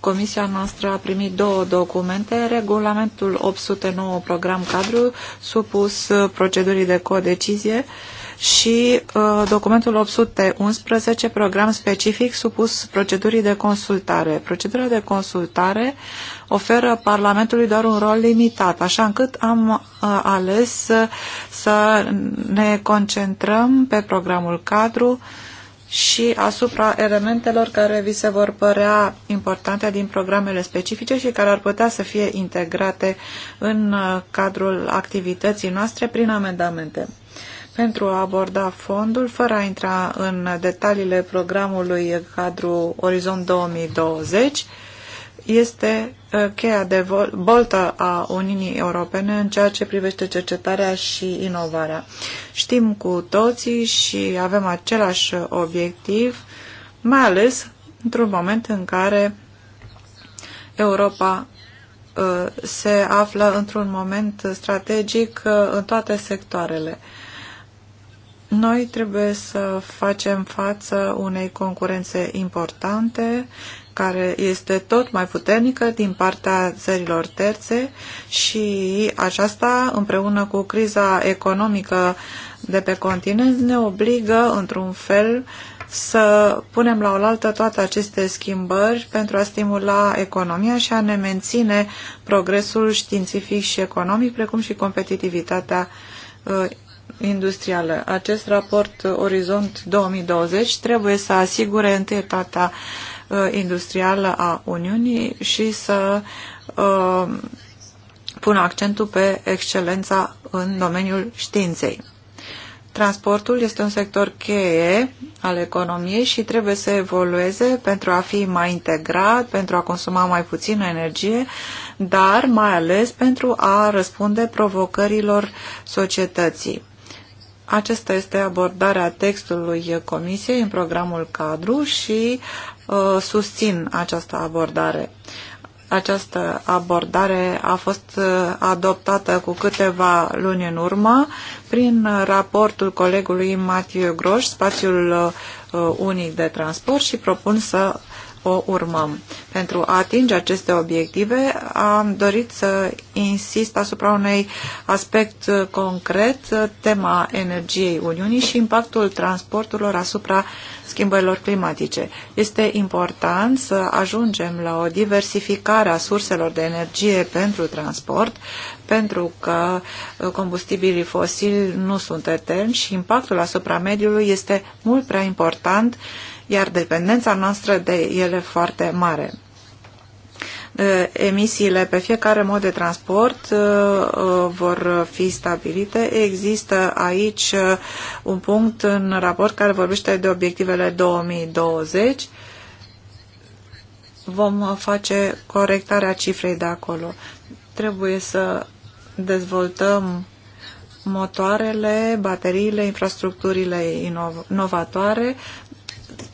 Comisia noastră a primit două documente, regulamentul 809 program cadru supus uh, procedurii de codecizie, și uh, documentul 811, program specific supus procedurii de consultare. Procedura de consultare oferă Parlamentului doar un rol limitat, așa încât am uh, ales să ne concentrăm pe programul cadru și asupra elementelor care vi se vor părea importante din programele specifice și care ar putea să fie integrate în uh, cadrul activității noastre prin amendamente pentru a aborda fondul, fără a intra în detaliile programului cadru Orizont 2020, este uh, cheia de boltă a Uniunii Europene în ceea ce privește cercetarea și inovarea. Știm cu toții și avem același obiectiv, mai ales într-un moment în care Europa uh, se află într-un moment strategic uh, în toate sectoarele. Noi trebuie să facem față unei concurențe importante care este tot mai puternică din partea țărilor terțe și aceasta împreună cu criza economică de pe continent ne obligă într-un fel să punem la oaltă toate aceste schimbări pentru a stimula economia și a ne menține progresul științific și economic, precum și competitivitatea uh, industrială. Acest raport uh, Orizont 2020 trebuie să asigure întâietatea uh, industrială a Uniunii și să uh, pună accentul pe excelența în domeniul științei. Transportul este un sector cheie al economiei și trebuie să evolueze pentru a fi mai integrat, pentru a consuma mai puțină energie, dar mai ales pentru a răspunde provocărilor societății. Acesta este abordarea textului Comisiei în programul cadru și uh, susțin această abordare. Această abordare a fost uh, adoptată cu câteva luni în urmă prin raportul colegului Mathieu Groș, Spațiul uh, Unic de Transport și propun să o urmăm. Pentru a atinge aceste obiective am dorit să insist asupra unui aspect concret, tema energiei Uniunii și impactul transporturilor asupra schimbărilor climatice. Este important să ajungem la o diversificare a surselor de energie pentru transport, pentru că combustibilii fosili nu sunt eterni și impactul asupra mediului este mult prea important uh, iar dependența noastră de ele foarte mare. Emisiile pe fiecare mod de transport vor fi stabilite. Există aici un punct în raport care vorbește de obiectivele 2020 vom face corectarea cifrei de acolo. Trebuie să dezvoltăm motoarele, bateriile, infrastructurile inovatoare,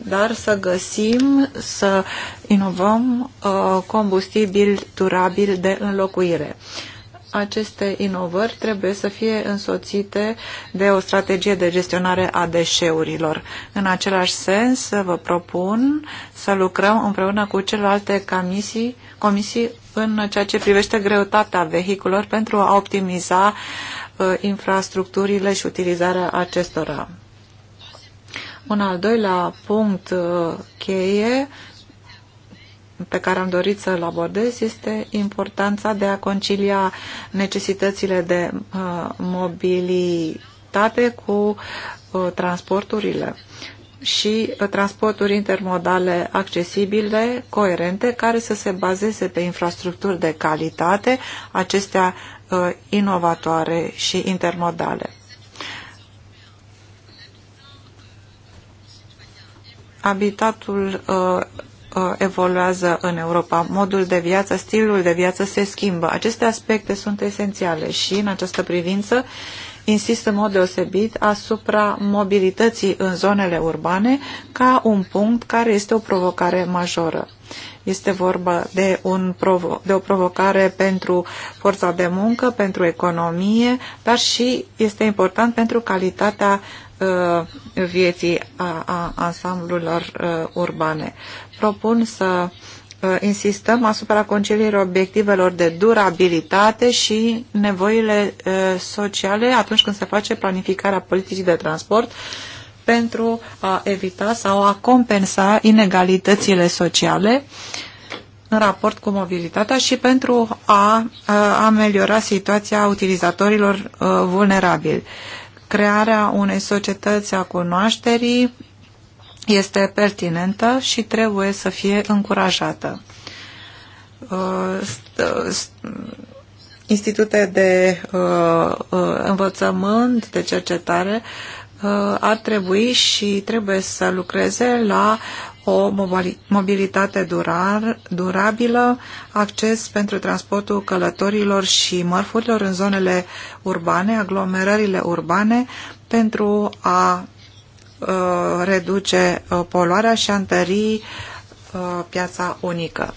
dar să găsim, să inovăm uh, combustibil durabil de înlocuire. Aceste inovări trebuie să fie însoțite de o strategie de gestionare a deșeurilor. În același sens, vă propun să lucrăm împreună cu celelalte comisii, comisii în ceea ce privește greutatea vehiculor pentru a optimiza uh, infrastructurile și utilizarea acestora. Un al doilea punct uh, cheie pe care am dorit să-l abordez este importanța de a concilia necesitățile de uh, mobilitate cu uh, transporturile și transporturi intermodale accesibile, coerente, care să se bazeze pe infrastructuri de calitate, acestea inovatoare și intermodale. Habitatul uh, uh, evoluează în Europa, modul de viață, stilul de viață se schimbă. Aceste aspecte sunt esențiale și în această privință insist în mod deosebit asupra mobilității în zonele urbane ca un punct care este o provocare majoră. Este vorba de, un provo de o provocare pentru forța de muncă, pentru economie, dar și este important pentru calitatea Uh, vieții a, a ansamblurilor uh, urbane. Propun să uh, insistăm asupra concilierii obiectivelor de durabilitate și nevoile sociale atunci când se face planificarea politicii de transport pentru a evita sau a compensa inegalitățile sociale în raport cu mobilitatea și pentru a, a ameliora situația utilizatorilor a, vulnerabili. Crearea unei societăți a cunoașterii este pertinentă și trebuie să fie încurajată. Institute de uh, uh, învățământ, de cercetare, uh, ar trebui și trebuie să lucreze la o mobilitate durar, durabilă, acces pentru transportul călătorilor și mărfurilor în zonele urbane, aglomerările urbane, pentru a uh, reduce uh, poluarea și a întări uh, piața unică.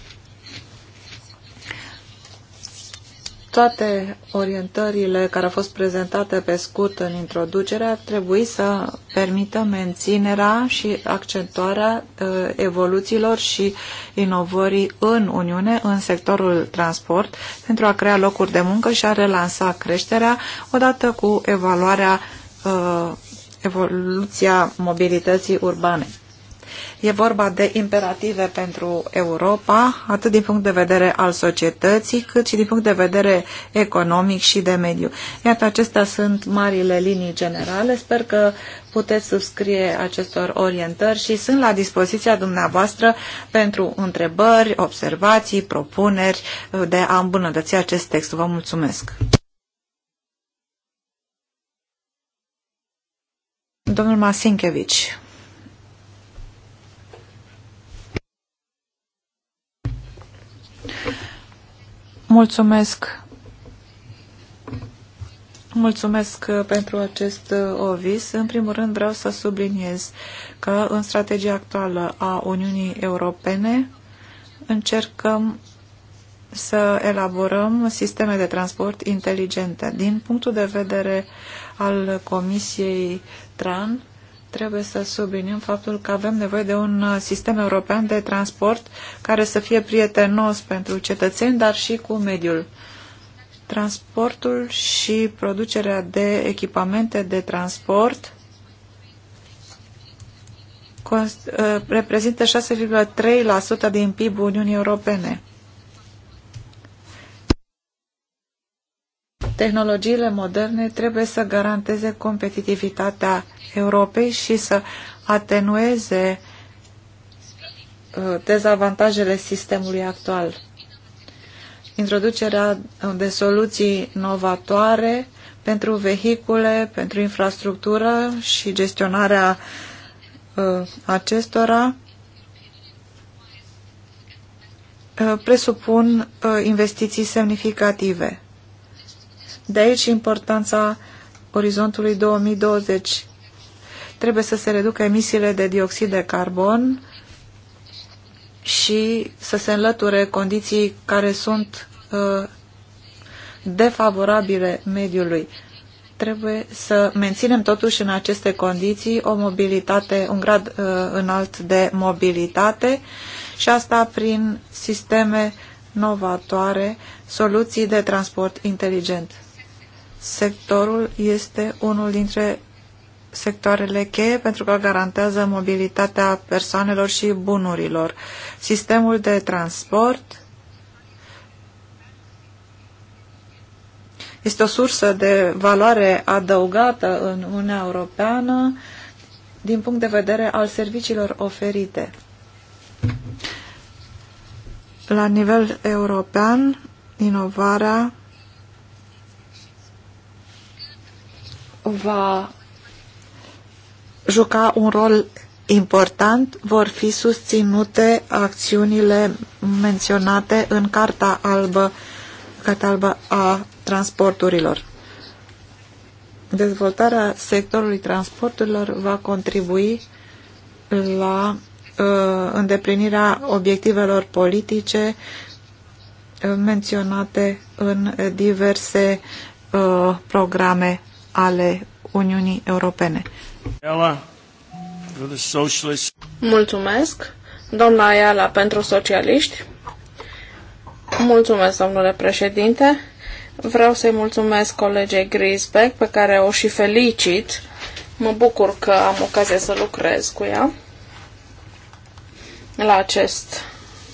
toate orientările care au fost prezentate pe scurt în introducere ar trebui să permită menținerea și accentuarea uh, evoluțiilor și inovării în Uniune, în sectorul transport, pentru a crea locuri de muncă și a relansa creșterea odată cu evaluarea uh, evoluția mobilității urbane. E vorba de imperative pentru Europa, atât din punct de vedere al societății, cât și din punct de vedere economic și de mediu. Iată, acestea sunt marile linii generale. Sper că puteți subscrie acestor orientări și sunt la dispoziția dumneavoastră pentru întrebări, observații, propuneri de a îmbunătăți acest text. Vă mulțumesc! Domnul Masinkevici. Mulțumesc. Mulțumesc uh, pentru acest uh, ovis. În primul rând vreau să subliniez că în strategia actuală a Uniunii Europene încercăm să elaborăm sisteme de transport inteligente. Din punctul de vedere al Comisiei TRAN, trebuie să subliniem faptul că avem nevoie de un uh, sistem european de transport care să fie prietenos pentru cetățeni, dar și cu mediul. Transportul și producerea de echipamente de transport uh, reprezintă 6,3% din PIB-ul Uniunii Europene. Tehnologiile moderne trebuie să garanteze competitivitatea Europei și să atenueze uh, dezavantajele sistemului actual. Introducerea uh, de soluții novatoare pentru vehicule, pentru infrastructură și gestionarea uh, acestora presupun investiții semnificative. De aici importanța orizontului 2020. Trebuie să se reducă emisiile de dioxid de carbon și să se înlăture condiții care sunt uh, defavorabile mediului. Trebuie să menținem totuși în aceste condiții o mobilitate, un grad uh, înalt de mobilitate și asta prin sisteme novatoare, soluții de transport inteligent sectorul este unul dintre sectoarele cheie pentru că garantează mobilitatea persoanelor și bunurilor. Sistemul de transport este o sursă de valoare adăugată în Uniunea Europeană din punct de vedere al serviciilor oferite. La nivel european, inovarea va juca un rol important vor fi susținute acțiunile menționate în Carta Albă, Carta Albă a Transporturilor. Dezvoltarea sectorului transporturilor va contribui la uh, îndeplinirea obiectivelor politice uh, menționate în diverse uh, programe ale Uniunii Europene. Mulțumesc, doamna Ayala, pentru socialiști. Mulțumesc, domnule președinte. Vreau să-i mulțumesc colegei Grisbeck, pe care o și felicit. Mă bucur că am ocazia să lucrez cu ea la acest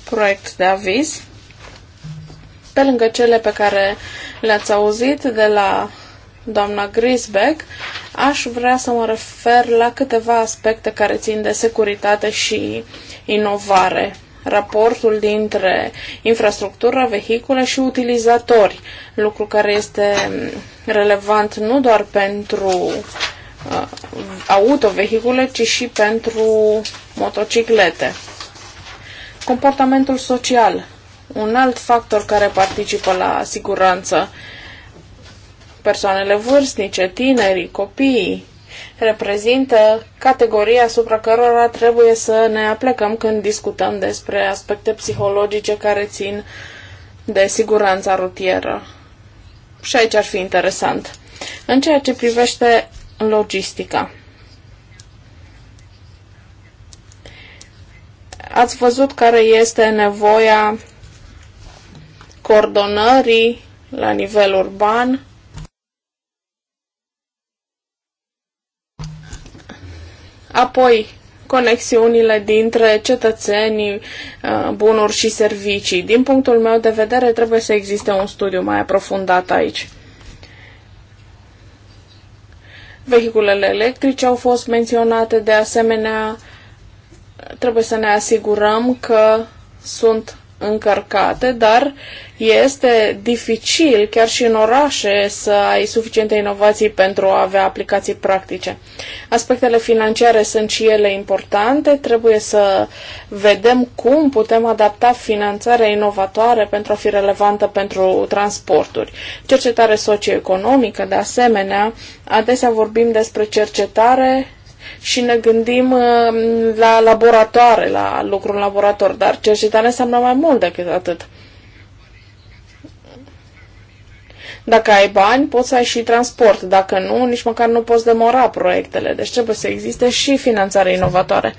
proiect de aviz. Pe lângă cele pe care le-ați auzit de la doamna Grisbeck, aș vrea să mă refer la câteva aspecte care țin de securitate și inovare raportul dintre infrastructură, vehicule și utilizatori, lucru care este relevant nu doar pentru uh, autovehicule, ci și pentru motociclete. Comportamentul social, un alt factor care participă la siguranță. Uh, Persoanele vârstnice, tinerii, copiii reprezintă categoria asupra cărora trebuie să ne aplecăm când discutăm despre aspecte psihologice care țin de siguranța rutieră. Și aici ar fi interesant. În ceea ce privește logistica. Ați văzut care este nevoia coordonării la nivel urban, Apoi, conexiunile dintre cetățenii, uh, bunuri și servicii. Din punctul meu de vedere, trebuie să existe un studiu mai aprofundat aici. Vehiculele electrice au fost menționate, de asemenea, trebuie să ne asigurăm că sunt încărcate, dar este dificil chiar și în orașe să ai suficiente inovații pentru a avea aplicații practice. Aspectele financiare sunt și ele importante, trebuie să vedem cum putem adapta finanțarea inovatoare pentru a fi relevantă pentru transporturi. Cercetare socioeconomică, de asemenea, adesea vorbim despre cercetare și ne gândim uh, la laboratoare, la lucru în laborator, dar cercetarea înseamnă mai mult decât atât. Dacă ai bani, poți să ai și transport. Dacă nu, nici măcar nu poți demora proiectele. Deci trebuie să existe și finanțare inovatoare.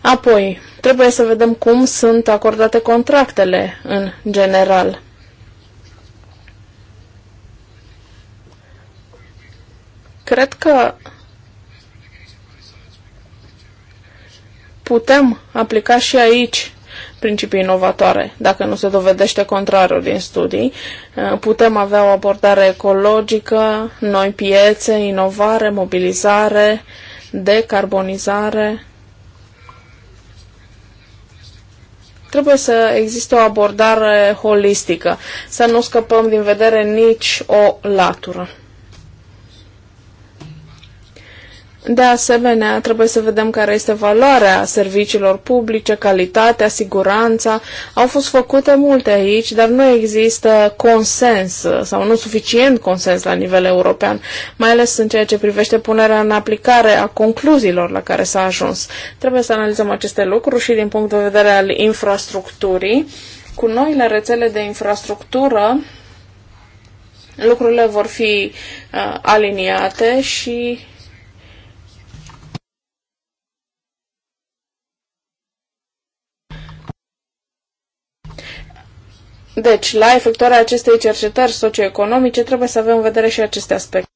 Apoi, trebuie să vedem cum sunt acordate contractele în general. Cred că putem aplica și aici principii inovatoare. Dacă nu se dovedește contrarul din studii, uh, putem avea o abordare ecologică, noi piețe, inovare, mobilizare, decarbonizare. Trebuie să existe o abordare holistică, să nu scăpăm din vedere nici o latură. De asemenea, trebuie să vedem care este valoarea serviciilor publice, calitatea, siguranța. Au fost făcute multe aici, dar nu există consens uh, sau nu suficient consens la nivel european, mai ales în ceea ce privește punerea în aplicare a concluziilor la care s-a ajuns. Trebuie să analizăm aceste lucruri și din punct de vedere al infrastructurii. Cu noile rețele de infrastructură, lucrurile vor fi uh, aliniate și Deci, la efectuarea acestei cercetări socioeconomice trebuie să avem în vedere și aceste aspecte.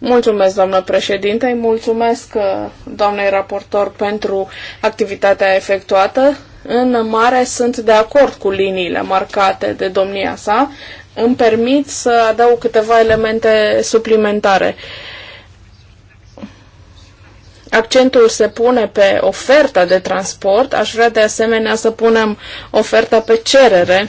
Mulțumesc, doamnă președinte, îi mulțumesc uh, doamnei raportor pentru activitatea efectuată. În mare sunt de acord cu liniile marcate de domnia sa. Îmi permit să adaug câteva elemente suplimentare. Uh, accentul se pune pe oferta de transport, aș vrea de asemenea să punem oferta pe cerere.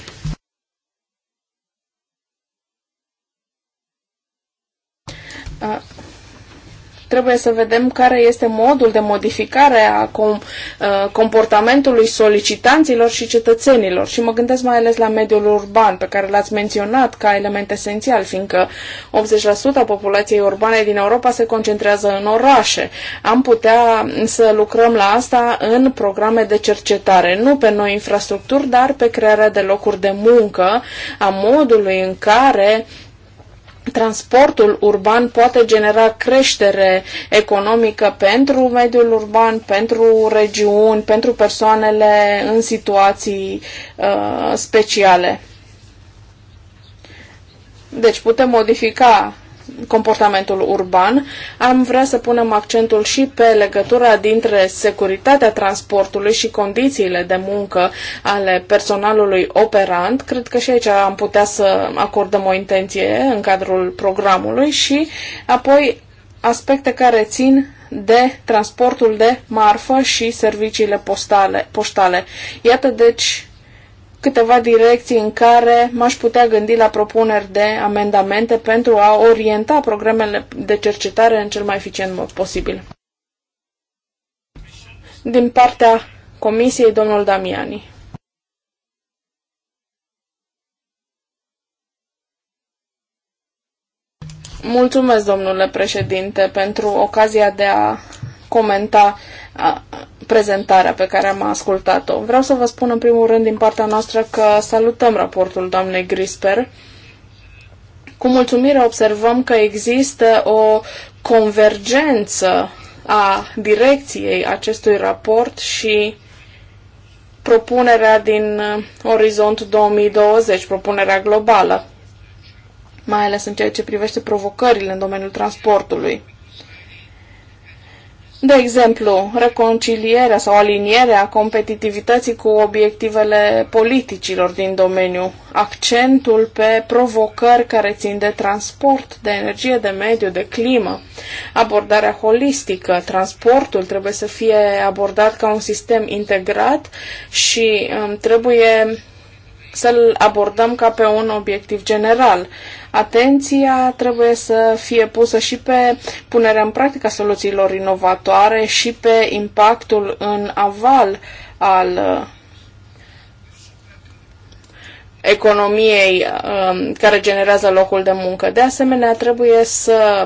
Trebuie să vedem care este modul de modificare a uh, comportamentului solicitanților și cetățenilor. Și mă gândesc mai ales la mediul urban, pe care l-ați menționat ca element esențial, fiindcă 80% a populației urbane din Europa se concentrează în orașe. Am putea să lucrăm la asta în programe de cercetare, nu pe noi infrastructuri, dar pe crearea de locuri de muncă, a modului în care uh, transportul urban poate genera creștere economică pentru mediul urban, pentru regiuni, pentru persoanele în situații uh, speciale. Deci putem modifica comportamentul urban. Am vrea să punem accentul și pe legătura dintre securitatea transportului și condițiile de muncă ale personalului operant. Cred că și aici am putea să acordăm o intenție în cadrul programului și apoi aspecte care țin de transportul de marfă și serviciile postale. poștale. Iată deci câteva direcții în care m-aș putea gândi la propuneri de amendamente pentru a orienta programele de cercetare în cel mai eficient mod posibil. Din partea Comisiei, domnul Damiani. Mulțumesc, domnule președinte, pentru ocazia de a comenta prezentarea pe care am ascultat-o. Vreau să vă spun în primul rând din partea noastră că salutăm raportul doamnei Grisper. Cu mulțumire observăm că există o convergență a direcției acestui raport și propunerea din Orizont 2020, propunerea globală, mai ales în ceea ce privește provocările în domeniul transportului. De exemplu, reconcilierea sau alinierea competitivității cu obiectivele politicilor din domeniu, accentul pe provocări care țin de transport, de energie, de mediu, de climă, abordarea holistică, transportul trebuie să fie abordat ca un sistem integrat și um, trebuie să-l abordăm ca pe un obiectiv general. Atenția trebuie să fie pusă și pe punerea în practică a soluțiilor inovatoare și pe impactul în aval al uh, economiei um, care generează locul de muncă. De asemenea, trebuie să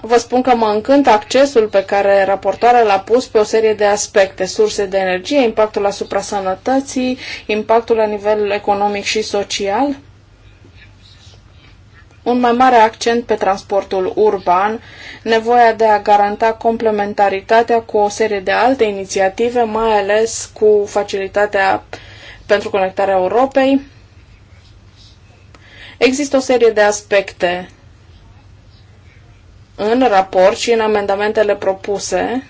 Vă spun că mă încântă accesul pe care raportoarea l-a pus pe o serie de aspecte, surse de energie, impactul asupra sănătății, impactul la nivel economic și social un mai mare accent pe transportul urban, nevoia de a garanta complementaritatea cu o serie de alte inițiative, mai ales cu facilitatea pentru conectarea Europei. Există o serie de aspecte în raport și în amendamentele propuse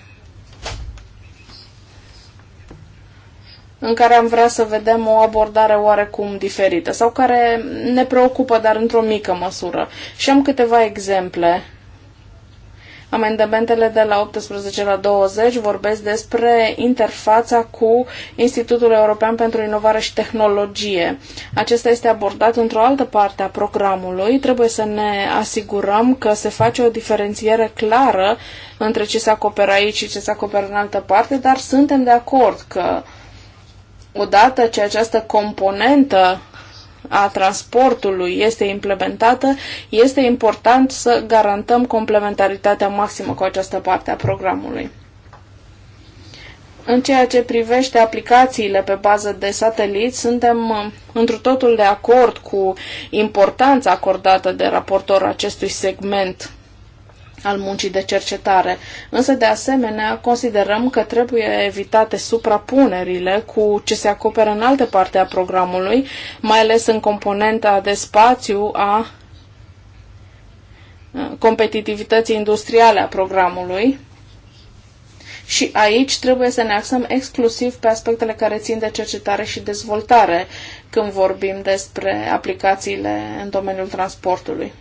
în care am vrea să vedem o abordare oarecum diferită sau care ne preocupă, dar într-o mică măsură. Și am câteva exemple. Amendamentele de la 18 la 20 vorbesc despre interfața cu Institutul European pentru Inovare și Tehnologie. Acesta este abordat într-o altă parte a programului. Trebuie să ne asigurăm că se face o diferențiere clară între ce se acoperă aici și ce se acoperă în altă parte, dar suntem de acord că uh, Odată ce această componentă a transportului este implementată, este important să garantăm complementaritatea maximă cu această parte a programului. În ceea ce privește aplicațiile pe bază de satelit, suntem uh, într totul de acord cu importanța acordată de raportor acestui segment al muncii de cercetare. Însă, de asemenea, considerăm că trebuie evitate suprapunerile cu ce se acoperă în alte parte a programului, mai ales în componenta de spațiu a competitivității industriale a programului. Și aici trebuie să ne axăm exclusiv pe aspectele care țin de cercetare și dezvoltare când vorbim despre aplicațiile în domeniul transportului.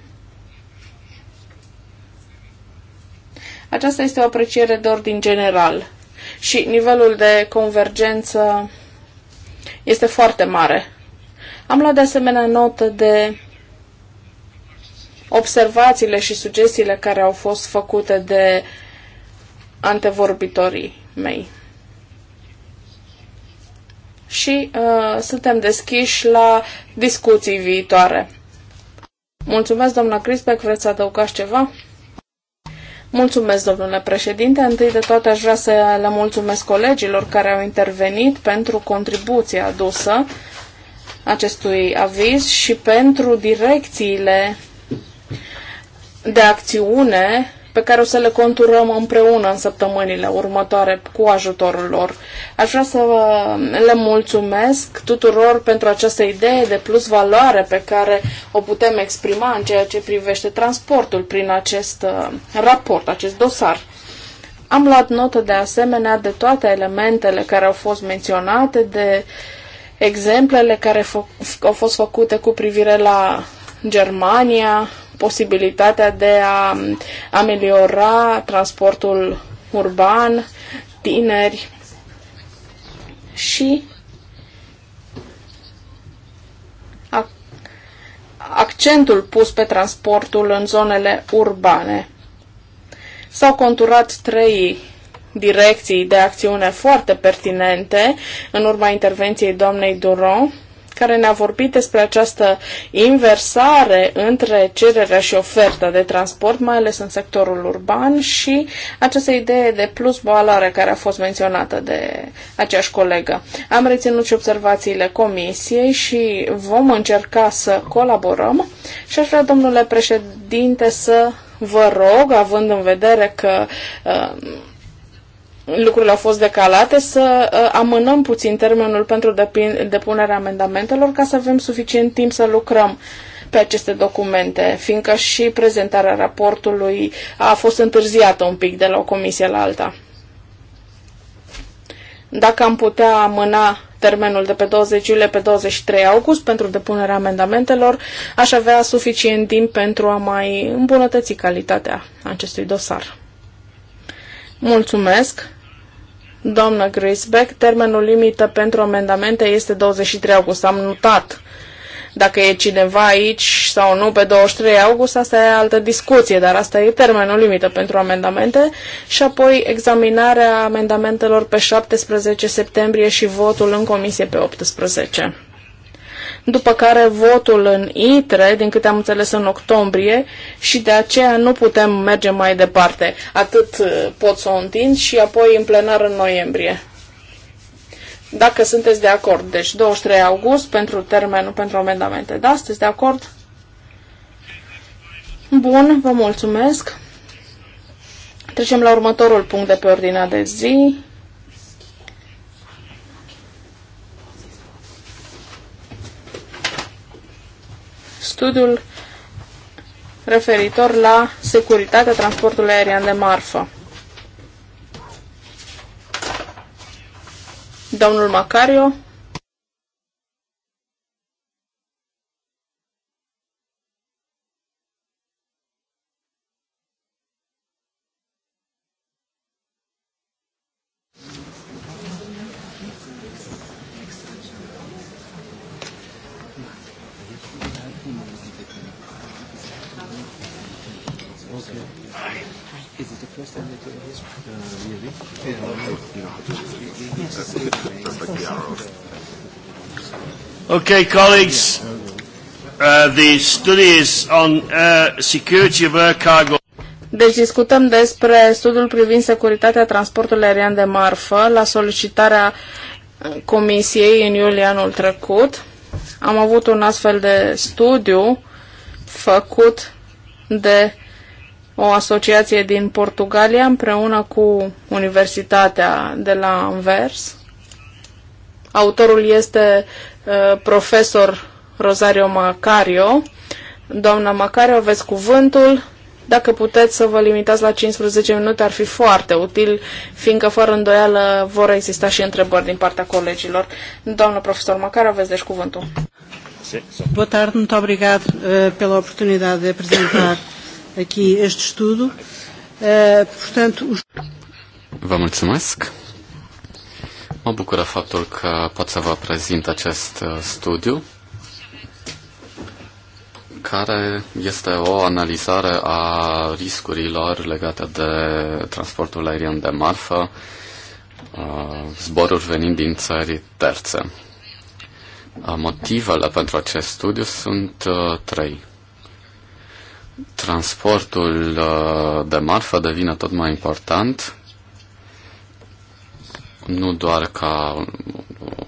Aceasta este o apreciere de ordin general și nivelul de convergență este foarte mare. Am luat de asemenea notă de observațiile și sugestiile care au fost făcute de antevorbitorii mei. Și uh, suntem deschiși la discuții viitoare. Mulțumesc, doamna Crispec, vreți să adăugați ceva? Mulțumesc, domnule președinte. Întâi de toate aș vrea să le mulțumesc colegilor care au intervenit pentru contribuția adusă acestui aviz și pentru direcțiile de acțiune pe care o să le conturăm împreună în săptămânile următoare cu ajutorul lor. Aș vrea să le mulțumesc tuturor pentru această idee de plus valoare pe care o putem exprima în ceea ce privește transportul prin acest uh, raport, acest dosar. Am luat notă de asemenea de toate elementele care au fost menționate, de exemplele care au fost făcute cu privire la Germania, posibilitatea de a ameliora transportul urban, tineri și accentul pus pe transportul în zonele urbane. S-au conturat trei direcții de acțiune foarte pertinente în urma intervenției doamnei Duron care ne-a vorbit despre această inversare între cererea și oferta de transport, mai ales în sectorul urban și această idee de plus valoare care a fost menționată de aceeași colegă. Am reținut și observațiile comisiei și vom încerca să colaborăm și aș vrea, domnule președinte, să vă rog, având în vedere că uh, lucrurile au fost decalate, să ă, amânăm puțin termenul pentru depunerea amendamentelor ca să avem suficient timp să lucrăm pe aceste documente, fiindcă și prezentarea raportului a fost întârziată un pic de la o comisie la alta. Dacă am putea amâna termenul de pe 20 iulie pe 23 august pentru depunerea amendamentelor, aș avea suficient timp pentru a mai îmbunătăți calitatea acestui dosar. Mulțumesc! Doamna Grisbeck, termenul limită pentru amendamente este 23 august. Am notat. Dacă e cineva aici sau nu pe 23 august, asta e altă discuție, dar asta e termenul limită pentru amendamente și apoi examinarea amendamentelor pe 17 septembrie și votul în comisie pe 18 după care votul în ITRE, din câte am înțeles în octombrie, și de aceea nu putem merge mai departe. Atât uh, pot să o întind și apoi în plenar în noiembrie. Dacă sunteți de acord, deci 23 august pentru termenul pentru amendamente, da? Sunteți de acord? Bun, vă mulțumesc. Trecem la următorul punct de pe ordinea de zi. studiul referitor la securitatea transportului aerian de marfă. Domnul Macario Okay, colleagues, uh, the study is on air uh, security of air cargo. Deci discutăm despre studiul privind securitatea transportului aerian de marfă la solicitarea uh, Comisiei în iulie anul trecut. Am avut un astfel de studiu făcut de o asociație din Portugalia împreună cu Universitatea de la Anvers Autorul este uh, profesor Rosario Macario. Doamna Macario, aveți cuvântul. Dacă puteți să vă limitați la 15 minute, ar fi foarte util, fiindcă fără îndoială vor exista și întrebări din partea colegilor. Doamna profesor Macario, aveți deci cuvântul. Boa tarde, muito obrigado uh, pela oportunidade de apresentar aqui este estudo. Uh, portanto, os... Vamos mulțumesc. Mă bucură faptul că pot să vă prezint acest uh, studiu care este o analizare a riscurilor legate de transportul aerian de marfă, uh, zboruri venind din țări terțe. Uh, motivele pentru acest studiu sunt trei. Transportul de marfă devine tot mai important nu doar ca o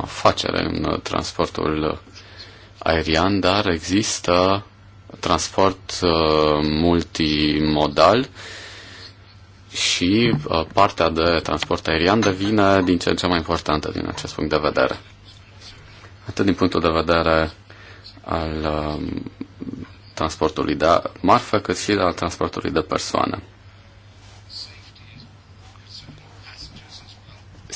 afacere în transportul aerian, dar există transport uh, multimodal și uh, partea de transport aerian devine din ce în ce mai importantă din acest punct de vedere. Atât din punctul de vedere al um, transportului de marfă, cât și al transportului de persoane.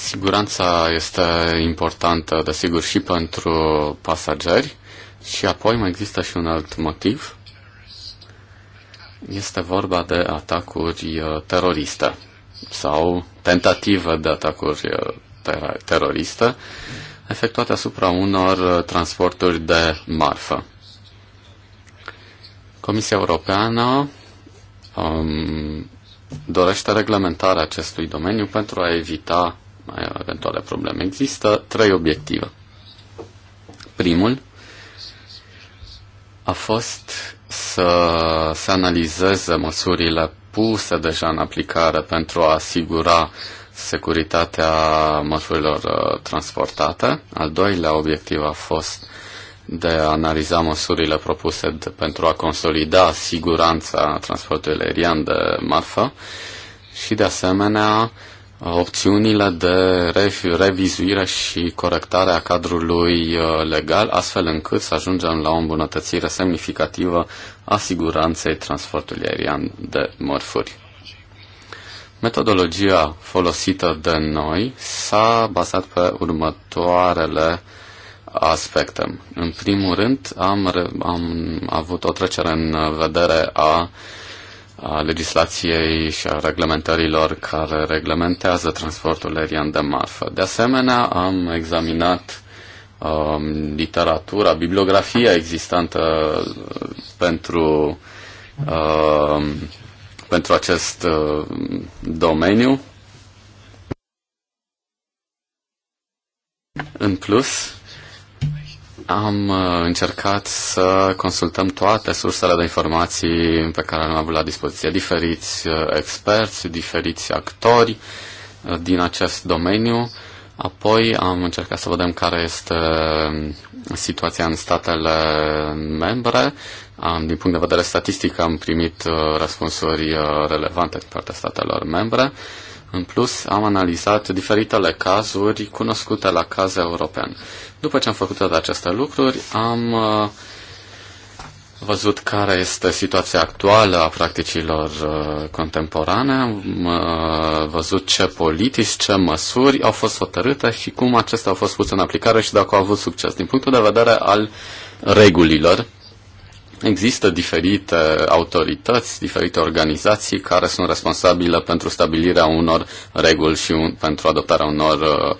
Siguranța este importantă, desigur, și pentru pasageri. Și apoi mai există și un alt motiv. Este vorba de atacuri uh, teroriste sau tentative de atacuri uh, ter- teroriste efectuate asupra unor uh, transporturi de marfă. Comisia Europeană um, dorește reglementarea acestui domeniu pentru a evita eventuale probleme. Există trei obiective. Primul a fost să se analizeze măsurile puse deja în aplicare pentru a asigura securitatea măsurilor uh, transportate. Al doilea obiectiv a fost de a analiza măsurile propuse de, pentru a consolida siguranța transportului aerian de marfă și, de asemenea, opțiunile de revizuire și corectare a cadrului uh, legal, astfel încât să ajungem la o îmbunătățire semnificativă a siguranței transportului aerian de mărfuri. Metodologia folosită de noi s-a bazat pe următoarele aspecte. În primul rând, am, am avut o trecere în vedere a a legislației și a reglementărilor care reglementează transportul aerian de marfă. De asemenea, am examinat um, literatura, bibliografia existantă uh, pentru, um, pentru acest uh, domeniu. În plus, am uh, încercat să consultăm toate sursele de informații pe care le-am avut la dispoziție, diferiți uh, experți, diferiți actori uh, din acest domeniu. Apoi am încercat să vedem care este um, situația în statele membre. Am, din punct de vedere statistic am primit răspunsuri relevante din partea statelor membre. În plus, am analizat diferitele cazuri cunoscute la caz europene. După ce am făcut toate aceste lucruri, am uh, văzut care este situația actuală a practicilor uh, contemporane, am uh, văzut ce politici, ce măsuri au fost hotărâte și cum acestea au fost puse în aplicare și dacă au avut succes din punctul de vedere al regulilor Există diferite autorități, diferite organizații care sunt responsabile pentru stabilirea unor reguli și un, pentru adoptarea unor, uh,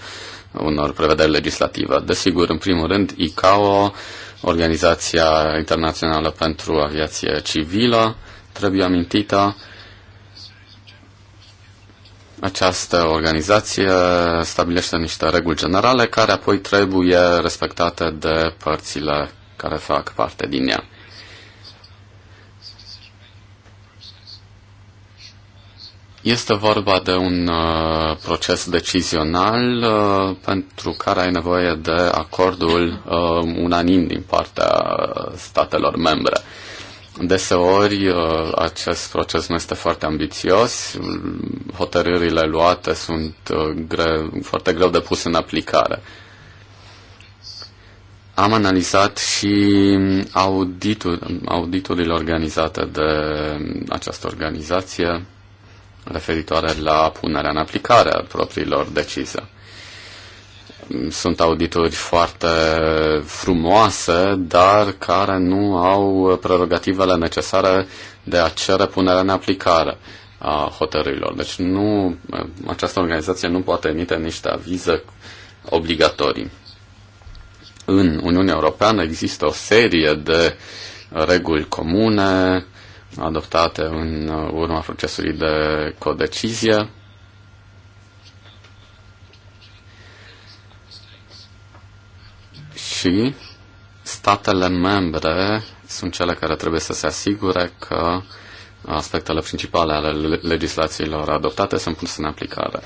unor prevederi legislative. Desigur, în primul rând, ICAO, Organizația Internațională pentru Aviație Civilă, trebuie amintită. Această organizație stabilește niște reguli generale care apoi trebuie respectate de părțile care fac parte din ea. Este vorba de un uh, proces decizional uh, pentru care ai nevoie de acordul uh, unanim din partea statelor membre. Deseori acest proces nu este foarte ambițios, hotărârile luate sunt foarte greu de pus în aplicare. Am analizat și auditul, auditurile organizate de această organizație referitoare la punerea în aplicare a propriilor decizii. Sunt audituri foarte frumoase, dar care nu au prerogativele necesare de a cere punerea în aplicare a hotărârilor. Deci nu, această organizație nu poate emite niște avize obligatorii. În Uniunea Europeană există o serie de reguli comune, adoptate în urma procesului de codecizie. Și statele membre sunt cele care trebuie să se asigure că aspectele principale ale legislațiilor adoptate sunt puse în aplicare.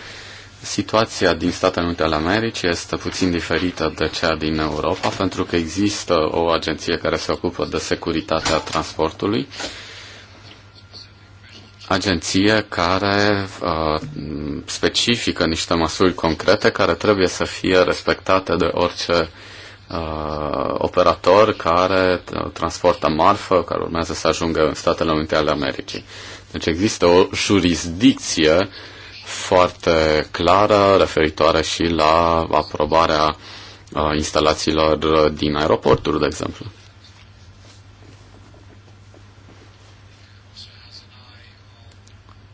Situația din Statele Unite ale Americii este puțin diferită de cea din Europa, pentru că există o agenție care se ocupă de securitatea transportului agenție care uh, specifică niște măsuri concrete care trebuie să fie respectate de orice uh, operator care uh, transportă marfă, care urmează să ajungă în Statele Unite ale Americii. Deci există o jurisdicție foarte clară referitoare și la aprobarea uh, instalațiilor din aeroporturi, de exemplu.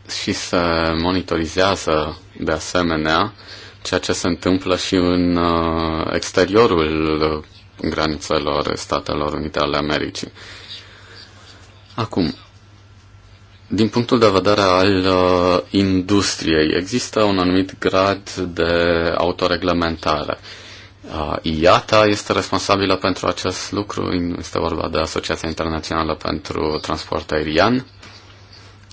și se monitorizează de asemenea ceea ce se întâmplă și în uh, exteriorul uh, granițelor Statelor Unite ale Americii. Acum, din punctul de vedere al uh, industriei, există un anumit grad de autoreglementare. Uh, IATA este responsabilă pentru acest lucru, este vorba de Asociația Internațională pentru Transport Aerian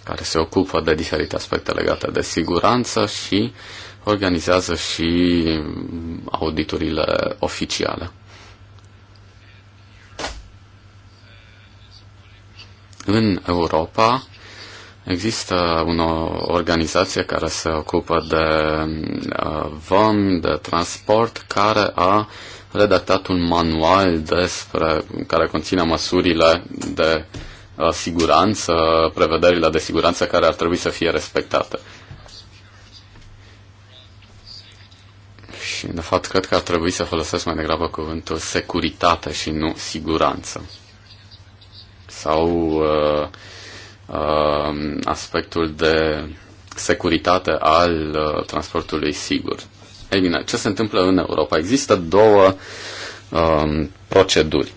care se ocupă de diferite aspecte legate de siguranță și organizează și auditurile oficiale. În Europa există o organizație care se ocupă de uh, vom, de transport, care a redactat un manual despre care conține măsurile de uh, Uh, siguranță, prevederile de siguranță care ar trebui să fie respectate. Și, de fapt, cred că ar trebui să folosesc mai degrabă cuvântul securitate și nu siguranță. Sau uh, uh, aspectul de securitate al uh, transportului sigur. Ei bine, ce se întâmplă în Europa? Există două uh, proceduri.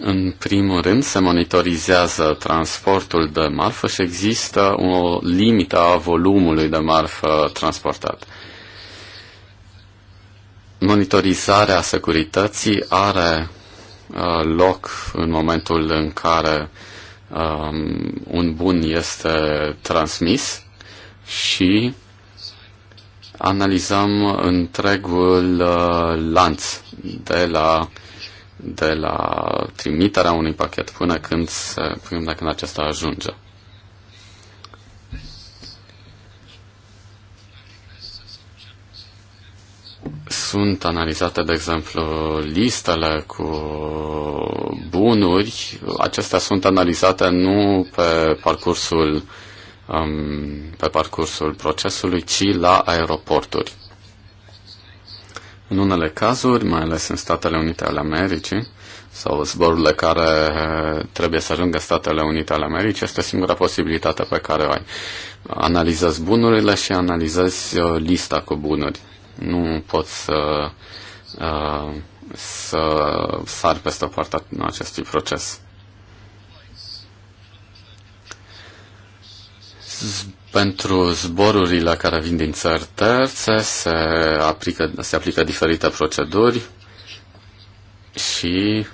În primul rând, se monitorizează transportul de marfă și există o limită a volumului de marfă transportat. Monitorizarea securității are uh, loc în momentul în care um, un bun este transmis și analizăm întregul uh, lanț de la uh, de la trimiterea unui pachet până când, până când acesta ajunge. sunt analizate, de exemplu, listele cu bunuri, acestea sunt analizate nu pe parcursul, um, pe parcursul procesului, ci la aeroporturi. În unele cazuri, mai ales în Statele Unite ale Americii, sau zborurile care trebuie să ajungă Statele Unite ale Americii, este singura posibilitate pe care o ai. Analizezi bunurile și analizezi uh, lista cu bunuri. Nu poți să, uh, să sari peste partea acestui proces. Pentru zborurile care vin din țări terțe se aplică, se aplică diferite proceduri și,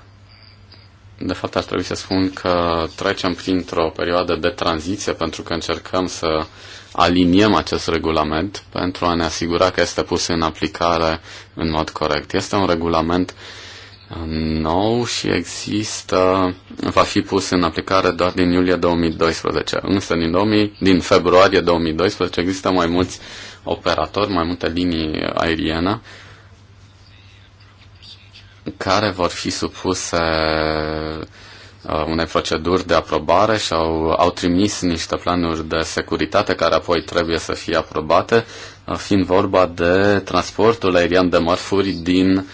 de fapt, ar trebui să spun că trecem printr-o perioadă de tranziție pentru că încercăm să aliniem acest regulament pentru a ne asigura că este pus în aplicare în mod corect. Este un regulament uh, nou și există, va fi pus în aplicare doar din iulie 2012. Însă din, 2000, din februarie 2012 există mai mulți operatori, mai multe linii aeriene care vor fi supuse uh, unei proceduri de aprobare și au, au trimis niște planuri de securitate care apoi trebuie să fie aprobate, uh, fiind vorba de transportul aerian de mărfuri din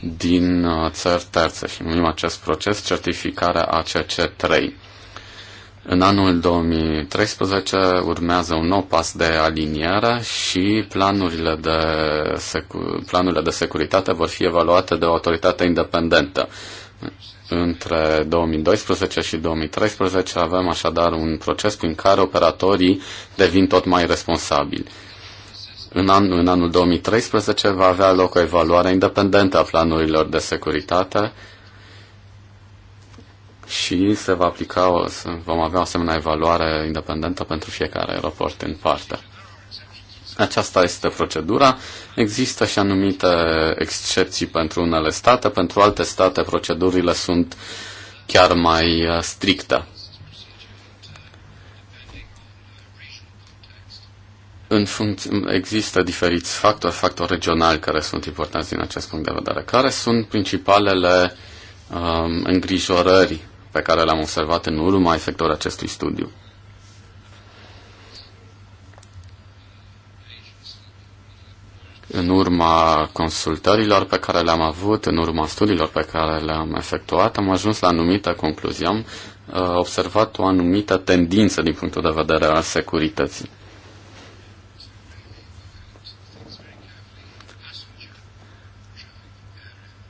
din uh, țări terțe și numim acest proces certificarea ACC3. În anul 2013 urmează un nou pas de aliniere și planurile de, secu- planurile de securitate vor fi evaluate de o autoritate independentă. Între 2012 și 2013 avem așadar un proces prin care operatorii devin tot mai responsabili. În, an, în anul 2013 va avea loc o evaluare independentă a planurilor de securitate și se va aplica, o, vom avea o asemenea evaluare independentă pentru fiecare aeroport în parte. Aceasta este procedura. Există și anumite excepții pentru unele state, pentru alte state procedurile sunt chiar mai uh, stricte. în funcție, există diferiți factori, factori regionali care sunt importanți din acest punct de vedere. Care sunt principalele um, îngrijorări pe care le-am observat în urma efectuării acestui studiu? În urma consultărilor pe care le-am avut, în urma studiilor pe care le-am efectuat, am ajuns la anumită concluzie: Am uh, observat o anumită tendință din punctul de vedere al securității.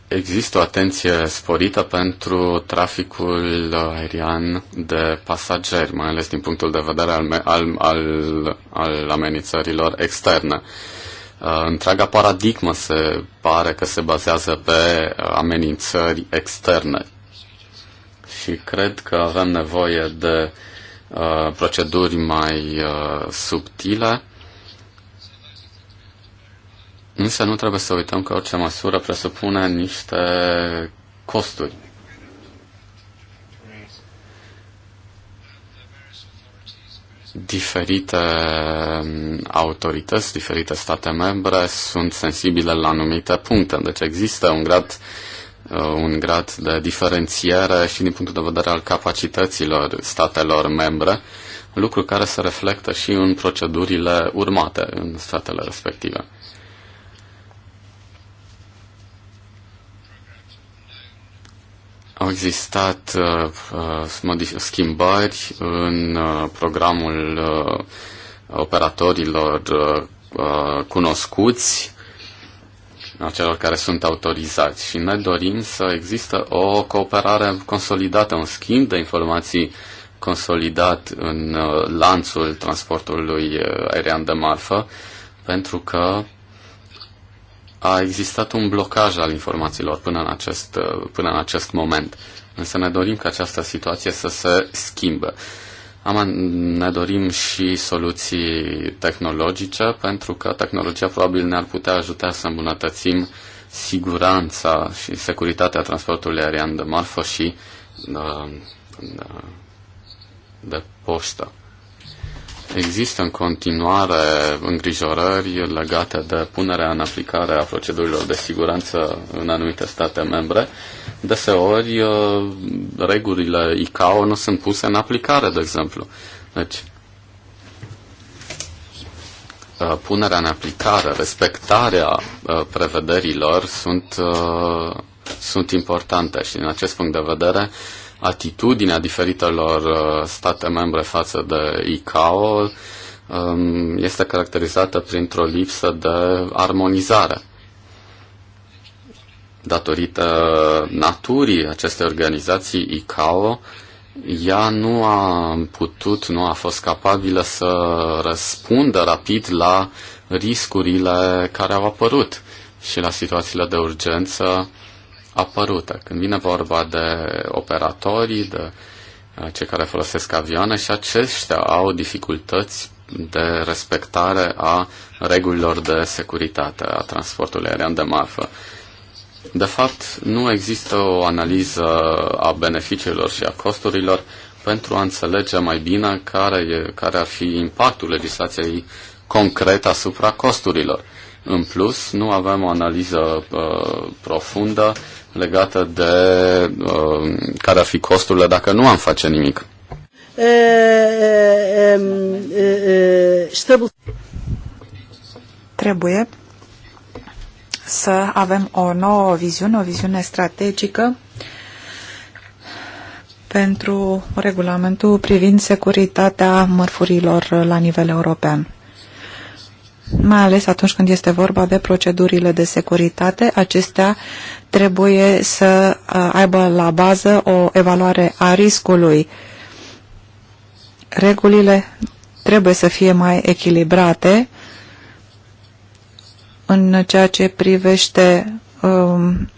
Există o atenție sporită pentru traficul aerian de pasageri, mai ales din punctul de vedere al, al, al, al amenințărilor externe. Uh, întreaga paradigmă se pare că se bazează pe uh, amenințări externe și cred că avem nevoie de uh, proceduri mai uh, subtile Însă nu trebuie să uităm că orice măsură presupune niște costuri. Diferite um, autorități, diferite state membre sunt sensibile la anumite puncte, deci există un grad uh, un grad de diferențiere și din punctul de vedere al capacităților statelor membre, lucru care se reflectă și în procedurile urmate în statele respective. Au existat uh, uh schimbări în uh, programul uh, operatorilor uh, uh, cunoscuți, acelor care sunt autorizați și ne dorim să există o cooperare consolidată, un schimb de informații consolidat în uh, lanțul transportului aerian de marfă, pentru că a existat un blocaj al informațiilor până în acest, până în acest moment. Însă ne dorim ca această situație să se schimbe. Am, ne dorim și soluții tehnologice, pentru că tehnologia probabil ne-ar putea ajuta să îmbunătățim siguranța și securitatea transportului aerian de marfă și de, uh, de, de poștă. Există în continuare îngrijorări legate de punerea în aplicare a procedurilor de siguranță în anumite state membre. Deseori, uh, regulile ICAO nu sunt puse în aplicare, de exemplu. Deci, uh, punerea în aplicare, respectarea uh, prevederilor sunt, sunt importante și, din acest punct de vedere, atitudinea diferitelor uh, state membre față de ICAO um, este caracterizată printr-o lipsă de armonizare. Datorită naturii acestei organizații ICAO, ea nu a putut, nu a fost capabilă să răspundă rapid la riscurile care au apărut și la situațiile de urgență uh, apărute. Când vine vorba de operatorii, de eh, cei care folosesc avioane și aceștia au dificultăți de respectare a regulilor de securitate a transportului aerian de marfă. De fapt, nu există o analiză a beneficiilor și a costurilor pentru a înțelege mai bine care, e, care ar fi impactul legislației concret asupra costurilor. În plus, nu avem o analiză uh, profundă legată de uh, care ar fi costurile dacă nu am face nimic. Trebuie să avem o nouă viziune, o viziune strategică pentru regulamentul privind securitatea mărfurilor la nivel european mai ales atunci când este vorba de procedurile de securitate. Acestea trebuie să uh, aibă la bază o evaluare a riscului. Regulile trebuie să fie mai echilibrate în ceea ce privește um,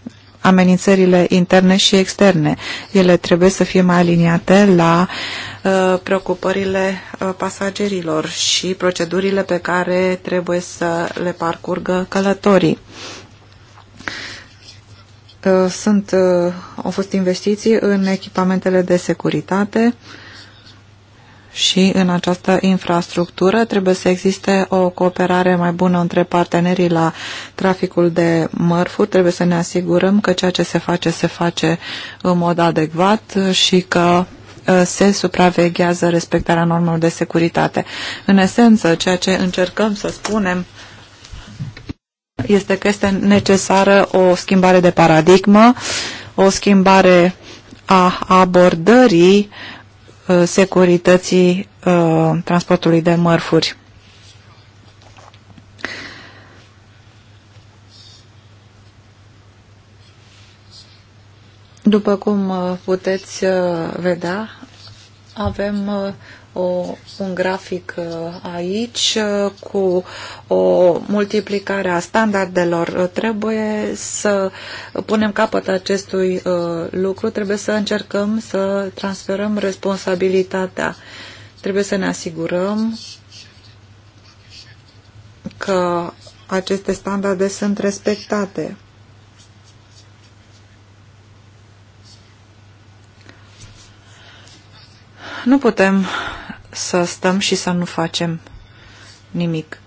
amenințările interne și externe. Ele trebuie să fie mai aliniate la uh, preocupările uh, pasagerilor și procedurile pe care trebuie să le parcurgă călătorii. Uh, sunt, au fost investiții în echipamentele de securitate, uh, și în această infrastructură trebuie să existe o cooperare mai bună între partenerii la traficul de mărfuri. Trebuie să ne asigurăm că ceea ce se face se face în mod adecvat și că ă, se supraveghează respectarea normelor de securitate. În esență, ceea ce încercăm să spunem este că este necesară o schimbare de paradigmă, o schimbare a abordării Uh, securității uh, transportului de mărfuri. După cum uh, puteți vedea, avem o, un grafic uh, aici uh, cu o multiplicare a standardelor. Uh, trebuie să punem capăt acestui lucru, trebuie să încercăm să transferăm responsabilitatea. Trebuie să ne asigurăm că aceste standarde sunt respectate. Nu putem să stăm și să nu facem nimic.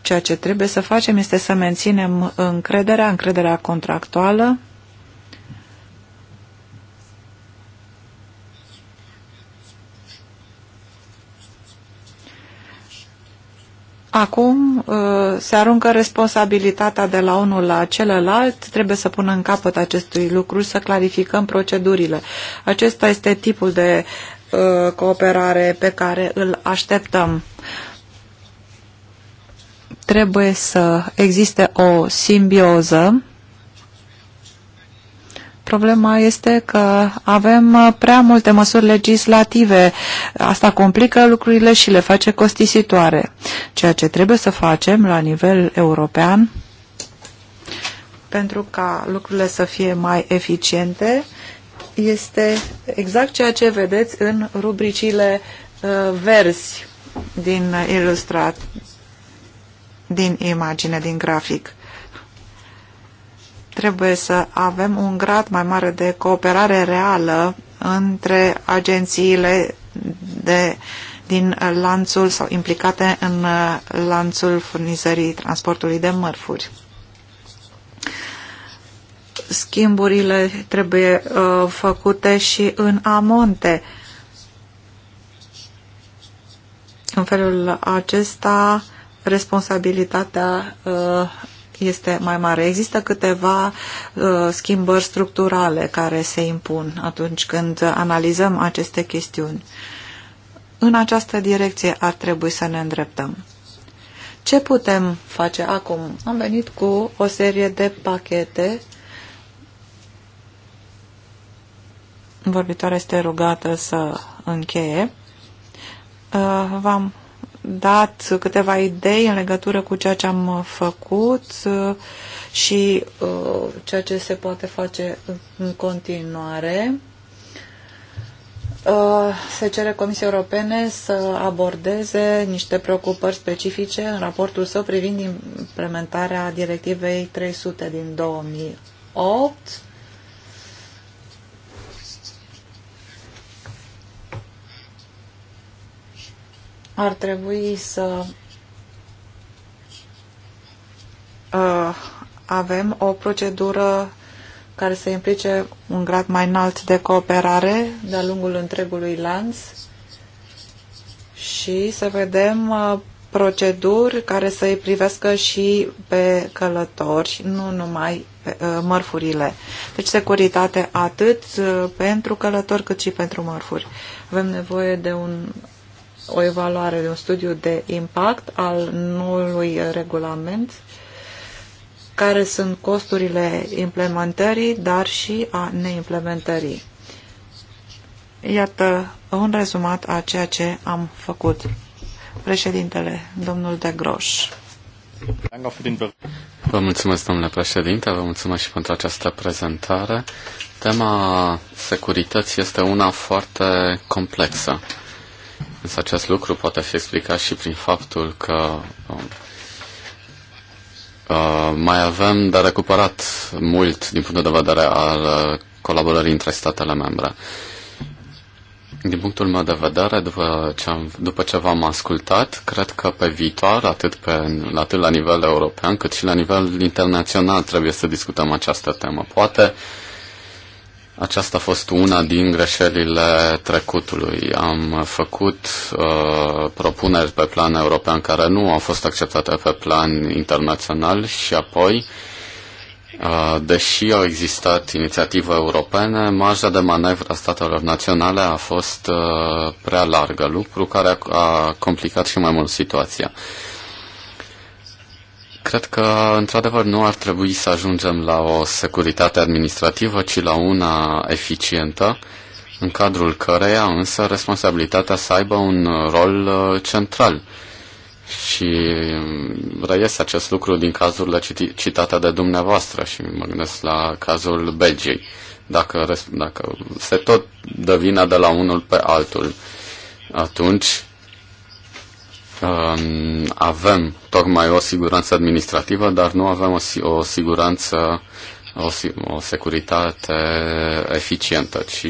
Ceea ce trebuie să facem este să menținem încrederea, încrederea contractuală, Acum uh, se aruncă responsabilitatea de la unul la celălalt, trebuie să punem în capăt acestui lucru, să clarificăm procedurile. Acesta este tipul de Uh, cooperare pe care îl așteptăm. Trebuie să existe o simbioză. Problema este că avem prea multe măsuri legislative. Asta complică lucrurile și le face costisitoare. Ceea ce trebuie să facem la nivel european pentru ca lucrurile să fie mai eficiente este exact ceea ce vedeți în rubricile uh, verzi din ilustrat, din imagine, din grafic. Trebuie să avem un grad mai mare de cooperare reală între agențiile de, din lanțul sau implicate în uh, lanțul furnizării transportului de mărfuri schimburile trebuie uh, făcute și în amonte. În felul acesta, responsabilitatea uh, este mai mare. Există câteva uh, schimbări structurale care se impun atunci când analizăm aceste chestiuni. În această direcție ar trebui să ne îndreptăm. Ce putem face acum? Am venit cu o serie de pachete Vorbitoarea este rugată să încheie. Uh, v-am dat câteva idei în legătură cu ceea ce am făcut uh, și uh, ceea ce se poate face în continuare. Se cere Comisiei Europene să abordeze niște preocupări specifice în raportul său privind implementarea directivei 300 din 2008 ar trebui să uh, avem o procedură care să implice un grad mai înalt de cooperare de-a lungul întregului lanț și să vedem uh, proceduri care să i privească și pe călători, nu numai pe, uh, mărfurile. Deci securitate atât uh, pentru călători cât și pentru mărfuri. Avem nevoie de un o evaluare, un studiu de impact al noului regulament, care sunt costurile implementării, dar și a neimplementării. Iată un rezumat a ceea ce am făcut. Președintele, domnul de Groș. Vă mulțumesc, domnule președinte, vă mulțumesc și pentru această prezentare. Tema securității este una foarte complexă. Însă acest lucru poate fi explicat și prin faptul că um, uh, mai avem de recuperat mult din punctul de vedere al uh, colaborării între statele membre. Din punctul meu de vedere, după ce, am, după ce v-am ascultat, cred că pe viitor, atât, pe, atât la nivel european, cât și la nivel internațional, trebuie să discutăm această temă. Poate uh, aceasta a fost una din greșelile trecutului. Am făcut uh, propuneri pe plan european care nu au fost acceptate pe plan internațional și apoi, uh, deși au existat inițiative europene, marja de manevră a statelor naționale a fost uh, prea largă, lucru care a, a complicat și mai mult situația. Uh, Cred că, într-adevăr, nu ar trebui să ajungem la o securitate administrativă, ci la una eficientă, în cadrul căreia însă responsabilitatea să aibă un rol uh, central. Și mm, reiese acest lucru din cazurile citate de dumneavoastră și mă gândesc la cazul Belgiei. Dacă, dacă se tot dă vina de la unul pe altul, atunci Um, avem tocmai o siguranță administrativă, dar nu avem o, o siguranță, o, o securitate eficientă, ci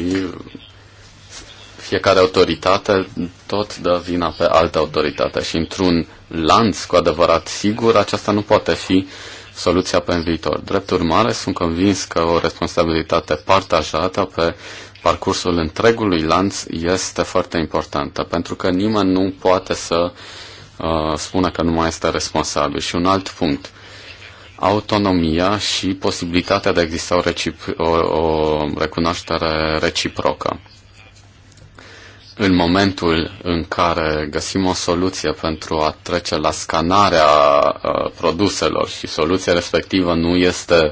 fiecare autoritate tot dă vina pe altă autoritate și într-un lanț cu adevărat sigur, aceasta nu poate fi soluția pe viitor. Drept urmare, sunt convins că o responsabilitate partajată pe parcursul întregului lanț este foarte importantă, pentru că nimeni nu poate să uh, spună că nu mai este responsabil. Și un alt punct, autonomia și posibilitatea de a exista o, recip- o, o recunoaștere reciprocă. În momentul în care găsim o soluție pentru a trece la scanarea uh, produselor și soluția respectivă nu este uh,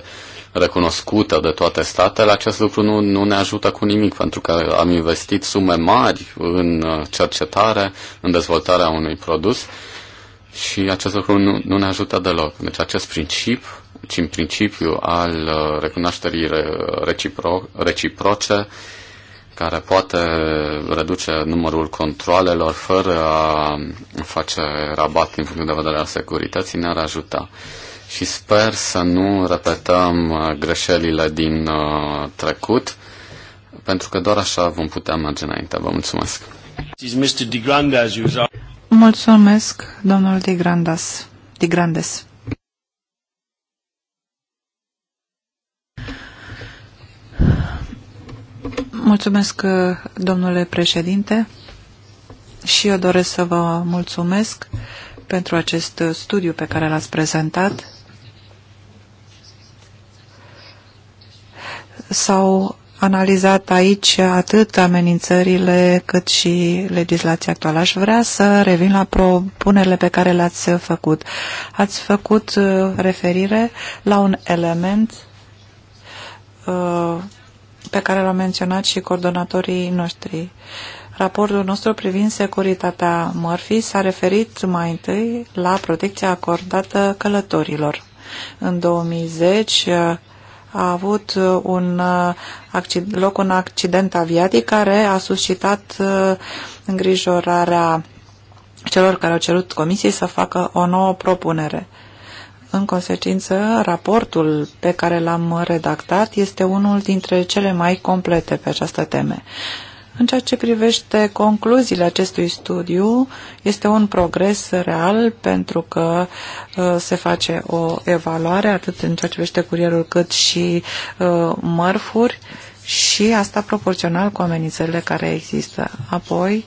recunoscută de toate statele, acest lucru nu, nu ne ajută cu nimic, pentru că am investit sume mari în uh, cercetare, în dezvoltarea unui produs și acest lucru nu, nu ne ajută deloc. Deci acest principiu, în principiu al uh, recunoașterii recipro, reciproce, care poate reduce numărul controlelor fără a face rabat din punct de vedere al securității, ne-ar ajuta și sper să nu repetăm uh, greșelile din uh, trecut, pentru că doar așa vom putea merge înainte. Vă mulțumesc! Mulțumesc, domnul de Grandas. De Grandes. Mulțumesc, uh, domnule președinte, și eu doresc să vă mulțumesc pentru acest studiu pe care l-ați prezentat S-au analizat aici atât amenințările cât și legislația actuală. Aș vrea să revin la propunerile pe care le-ați făcut. Ați făcut uh, referire la un element uh, pe care l-au menționat și coordonatorii noștri. Raportul nostru privind securitatea Murphy s-a referit mai întâi la protecția acordată călătorilor. În 2010, a avut uh, un uh, accident, loc un accident aviatic care a suscitat uh, îngrijorarea celor care au cerut comisiei să facă o nouă propunere. În consecință, raportul pe care l-am redactat este unul dintre cele mai complete pe această teme. În ceea ce privește concluziile acestui studiu, este un progres real pentru că uh, se face o evaluare atât în ceea ce privește curierul cât și uh, mărfuri și asta proporțional cu amenințările care există. Apoi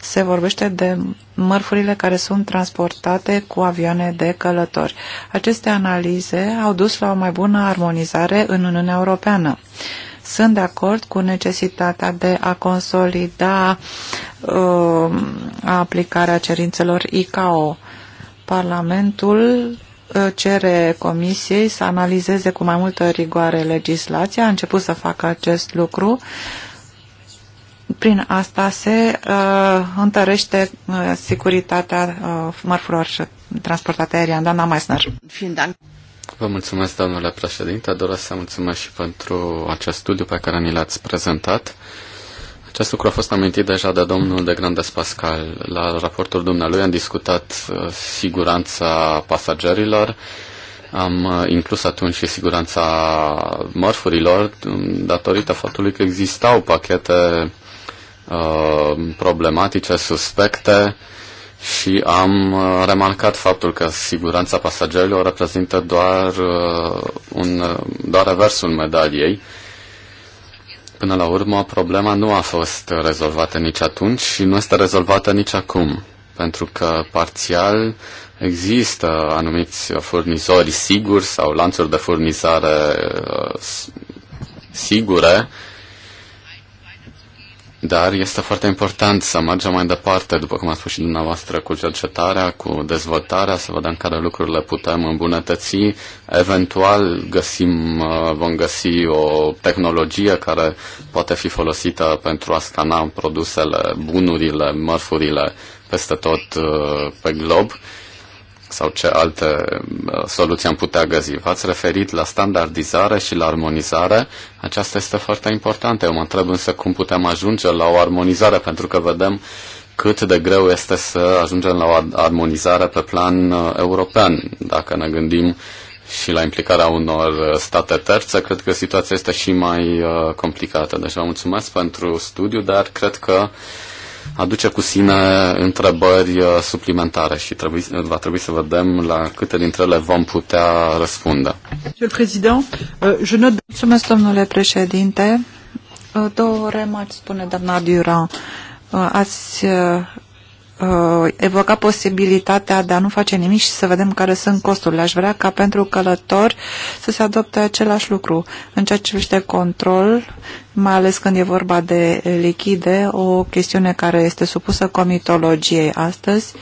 se vorbește de mărfurile care sunt transportate cu avioane de călători. Aceste analize au dus la o mai bună armonizare în Uniunea Europeană. Sunt de acord cu necesitatea de a consolida uh, aplicarea cerințelor ICAO. Parlamentul uh, cere Comisiei să analizeze cu mai multă rigoare legislația, a început să facă acest lucru. Prin asta se uh, întărește uh, securitatea uh, mărfurilor transportate aerian. Doamna Meissner. Vă mulțumesc, domnule președinte. Doresc să mulțumesc și pentru acest studiu pe care ni l-ați prezentat. Acest lucru a fost amintit deja de domnul de Grandes Pascal. La raportul dumnealui am discutat uh, siguranța pasagerilor, am uh, inclus atunci și siguranța mărfurilor, um, datorită faptului că existau pachete uh, problematice, suspecte, și am uh, remarcat faptul că siguranța pasagerilor reprezintă doar, uh, un, uh, doar reversul medaliei. Până la urmă, problema nu a fost rezolvată nici atunci și nu este rezolvată nici acum, pentru că parțial există anumiți furnizori siguri sau lanțuri de furnizare sigure, dar este foarte important să mergem mai departe, după cum a spus și dumneavoastră, cu cercetarea, cu dezvoltarea, să vedem care lucrurile putem îmbunătăți. Eventual găsim, uh, vom găsi o tehnologie care poate fi folosită pentru a scana produsele, bunurile, mărfurile peste tot uh, pe glob sau ce alte uh, soluții am putea găsi. V-ați referit la standardizare și la armonizare. Aceasta este foarte importantă. Eu mă întreb însă cum putem ajunge la o armonizare, pentru că vedem cât de greu este să ajungem la o armonizare pe plan uh, european. Dacă ne gândim și la implicarea unor uh, state terțe, cred că situația este și mai complicată. Deci vă mulțumesc pentru studiu, dar cred că aduce cu sine întrebări uh, suplimentare și trebuie, va trebui să vedem la câte dintre ele vom putea răspunde. Uh, Mulțumesc, domnule președinte. Uh, două remarci, spune doamna Dura. Ați uh, evoca posibilitatea de a nu face nimic și să vedem care sunt costurile. Aș vrea ca pentru călători să se adopte același lucru. În ceea ce privește control, mai ales când e vorba de lichide, o chestiune care este supusă comitologiei astăzi,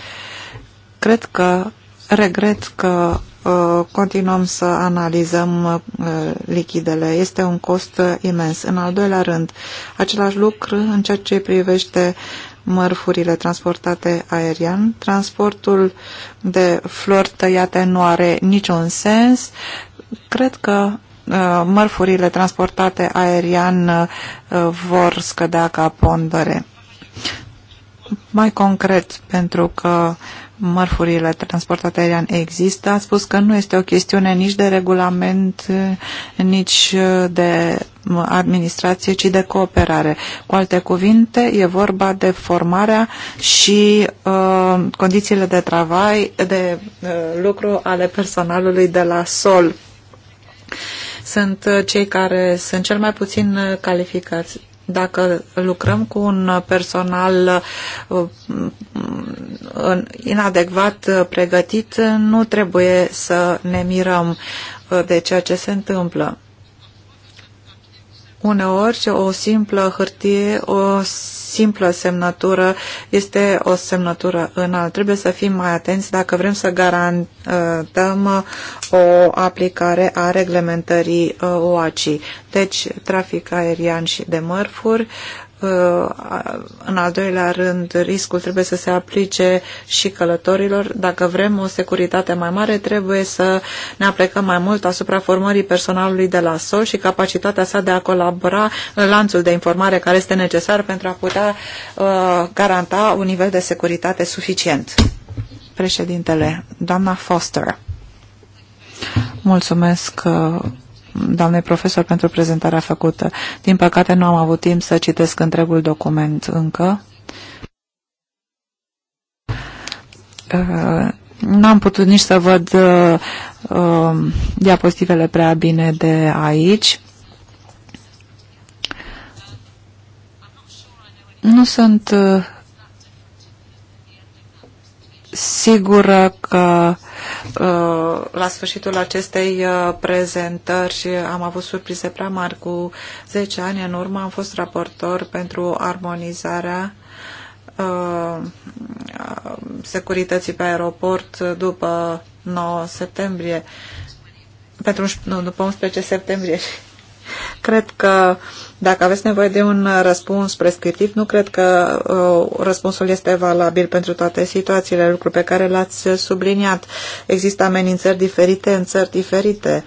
cred că, regret că uh, continuăm să analizăm uh, lichidele. Este un cost imens. În al doilea rând, același lucru în ceea ce privește uh, mărfurile transportate aerian. Transportul de flori tăiate nu are niciun sens. Cred că uh, mărfurile transportate aerian uh, vor scădea ca pondere. Mai concret, pentru că mărfurile transportate aerian există. A spus că nu este o chestiune nici de regulament, nici de administrație, ci de cooperare. Cu alte cuvinte, e vorba de formarea și uh, condițiile de travai, de uh, lucru ale personalului de la sol. Sunt uh, cei care sunt cel mai puțin calificați dacă lucrăm cu un personal uh, inadecvat uh, pregătit, nu trebuie să ne mirăm uh, de ceea ce se întâmplă. Uneori o simplă hârtie, o simplă semnătură este o semnătură înaltă. Trebuie să fim mai atenți dacă vrem să garantăm o aplicare a reglementării uh, OACI. Deci, trafic aerian și de mărfuri, uh, Uh, în al doilea rând, riscul trebuie să se aplice și călătorilor. Dacă vrem o securitate mai mare, trebuie să ne aplecăm mai mult asupra formării personalului de la sol și capacitatea sa de a colabora în lanțul de informare care este necesar pentru a putea uh, garanta un nivel de securitate suficient. Președintele, doamna Foster. Mulțumesc uh, doamnei profesor pentru prezentarea făcută. Din păcate nu am avut timp să citesc întregul document încă. Uh, n-am putut nici să văd uh, uh, diapozitivele prea bine de aici. Nu sunt sigură că uh, la sfârșitul acestei uh, prezentări am avut surprize prea mari. Cu 10 ani în urmă am fost raportor pentru armonizarea uh, securității pe aeroport după 9 septembrie pentru, nu, după 11 septembrie Cred că dacă aveți nevoie de un răspuns prescriptiv, nu cred că uh, răspunsul este valabil pentru toate situațiile, lucru pe care l-ați subliniat. Există amenințări diferite în țări diferite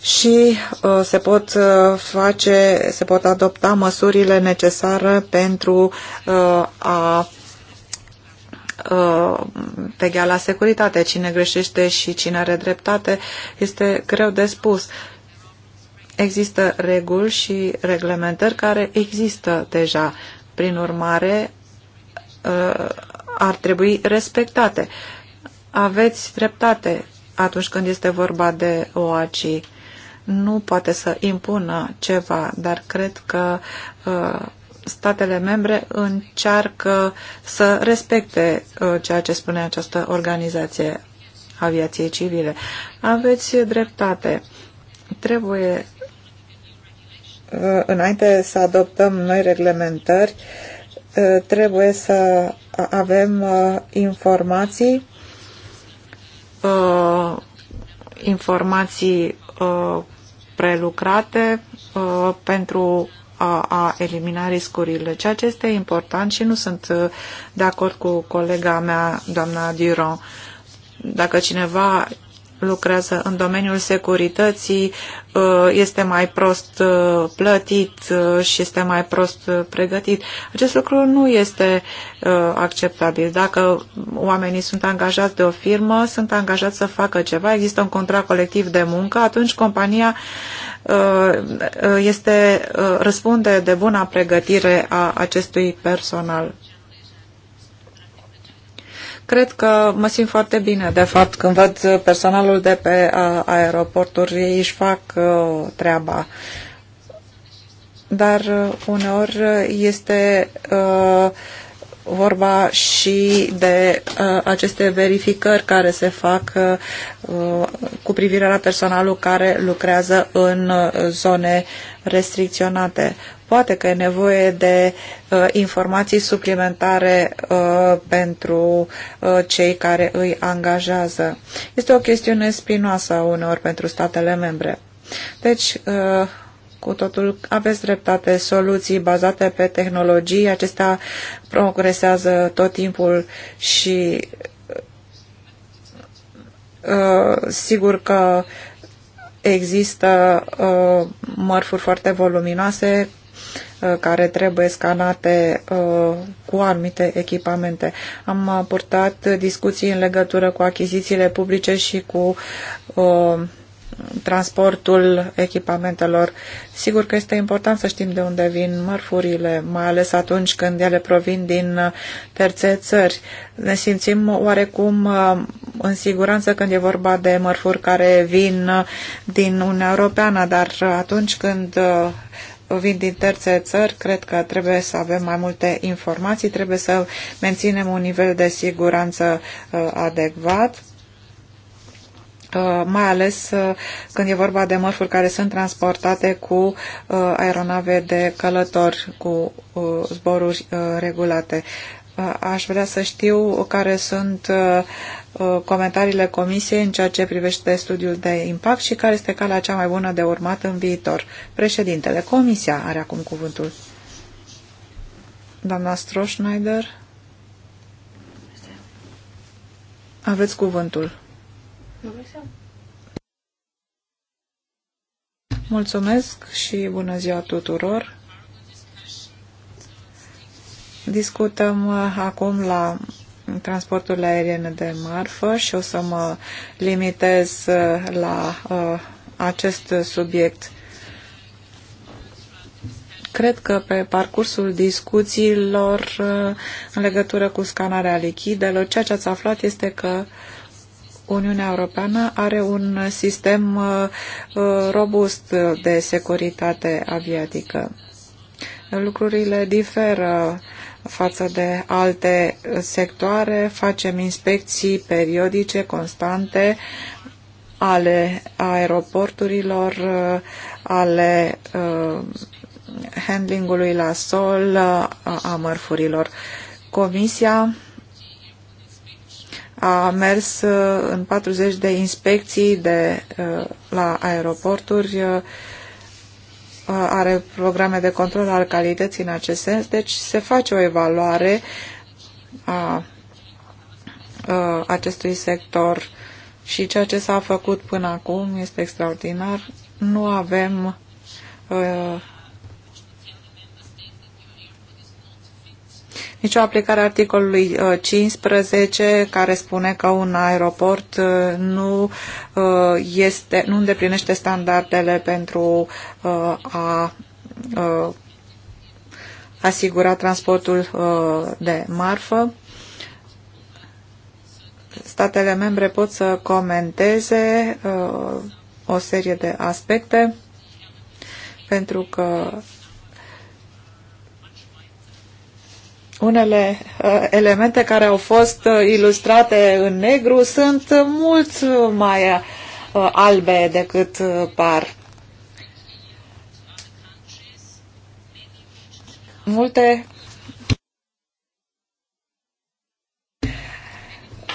și uh, se pot uh, face, se pot adopta măsurile necesare pentru uh, a uh, pe la securitate, cine greșește și cine are dreptate, este greu de spus. Există reguli și reglementări care există deja. Prin urmare, uh, ar trebui respectate. Aveți dreptate atunci când este vorba de OACI. Nu poate să impună ceva, dar cred că uh, statele membre încearcă să respecte uh, ceea ce spune această organizație aviației civile. Aveți dreptate. Trebuie Uh, înainte să adoptăm noi reglementări, uh, trebuie să avem uh, informații informații prelucrate pentru a, a elimina riscurile, ceea ce este important și nu sunt de acord cu colega mea, doamna Duron. Dacă cineva lucrează în domeniul securității uh, este mai prost uh, plătit uh, și este mai prost pregătit. Acest lucru nu este acceptabil. Dacă oamenii sunt angajați de o firmă, sunt angajați să facă ceva, există un contract colectiv de muncă, atunci compania este, răspunde de buna pregătire a acestui personal. Cred că mă simt foarte bine, de fapt, când văd personalul de pe aeroporturi, ei își fac uh, treaba. Dar uh, uneori este uh, vorba și de aceste verificări care se fac cu privire la personalul care lucrează în zone restricționate. Poate că e nevoie de uh, informații suplimentare uh, pentru uh, cei care îi angajează. Este o chestiune spinoasă uneori pentru statele membre. Deci, uh, cu totul aveți dreptate, soluții bazate pe tehnologii, acestea progresează tot timpul și uh, sigur că există uh, mărfuri foarte voluminoase Uh, care trebuie scanate uh, cu anumite echipamente. Am purtat discuții în legătură cu achizițiile publice și cu uh, transportul echipamentelor. Sigur că este important să știm de unde vin mărfurile, mai ales atunci când ele provin din terțe țări. Ne simțim oarecum în siguranță când e vorba de mărfuri care vin din Uniunea Europeană, dar atunci când vin din terțe țări, cred că trebuie să avem mai multe informații, trebuie să menținem un nivel de siguranță uh, adecvat uh, mai ales uh, când e vorba de mărfuri care sunt transportate cu aeronave de călători, cu zboruri regulate. Aș vrea să știu care sunt uh, uh, comentariile Comisiei în ceea ce privește studiul de impact și care este calea cea mai bună de urmat în viitor. Președintele, Comisia are acum cuvântul. Doamna Stroșneider, aveți cuvântul. Mulțumesc și bună ziua tuturor. Discutăm uh, acum la transportul aeriene de marfă și o să mă limitez uh, la uh, acest subiect. Cred că pe parcursul discuțiilor în legătură cu scanarea lichidelor, ceea ce ați aflat este că Uniunea Europeană are un sistem robust de securitate aviatică. Lucrurile diferă față de alte sectoare, facem inspecții periodice, constante, ale aeroporturilor, ale uh, handlingului la sol uh, a mărfurilor. Comisia a mers uh, în 40 de inspecții de, la aeroporturi are programe de control al calității în acest sens, deci se face o evaluare a, a acestui sector și ceea ce s-a făcut până acum este extraordinar. Nu avem a, nicio aplicare a articolului 15 uh, care spune că un aeroport uh, nu, uh, este, nu îndeplinește standardele pentru a asigura transportul de marfă. Statele membre pot să comenteze o serie de aspecte pentru că Unele uh, elemente care au fost uh, ilustrate în negru sunt mult mai uh, albe decât uh, par. Multe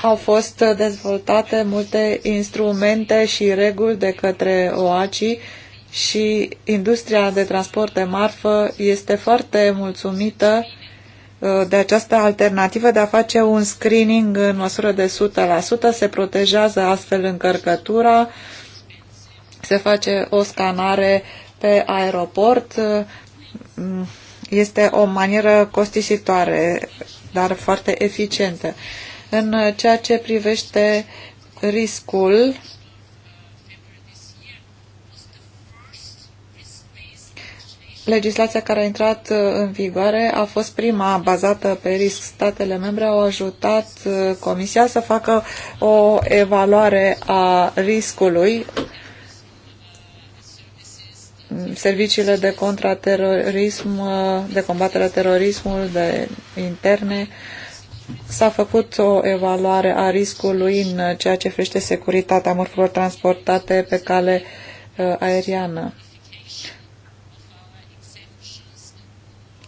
au fost dezvoltate multe instrumente și reguli de către OACI și industria de transport de marfă este foarte mulțumită Uh, de această alternativă de a face un screening în măsură de 100%, se protejează astfel încărcătura, se face o scanare pe aeroport. Uh, este o manieră costisitoare, dar foarte eficientă. În ceea ce privește riscul, Legislația care a intrat uh, în vigoare a fost prima bazată pe risc. Statele membre au ajutat uh, Comisia să facă o evaluare a riscului serviciile de contraterorism, uh, de combatere a terorismului, de interne. S-a făcut o evaluare a riscului în ceea ce privește securitatea mărfurilor transportate pe cale aeriană.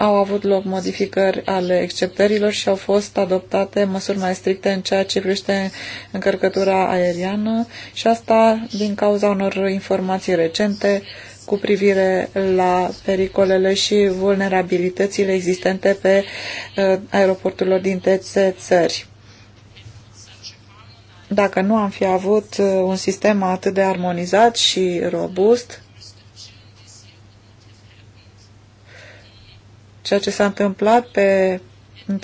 au avut loc modificări ale exceptărilor și au fost adoptate măsuri mai stricte în ceea ce privește încărcătura aeriană și asta din cauza unor informații recente cu privire la pericolele și vulnerabilitățile existente pe uh, aeroporturilor din tețe țări. Dacă nu am fi avut uh, un sistem atât de armonizat și robust, Ceea ce s-a întâmplat pe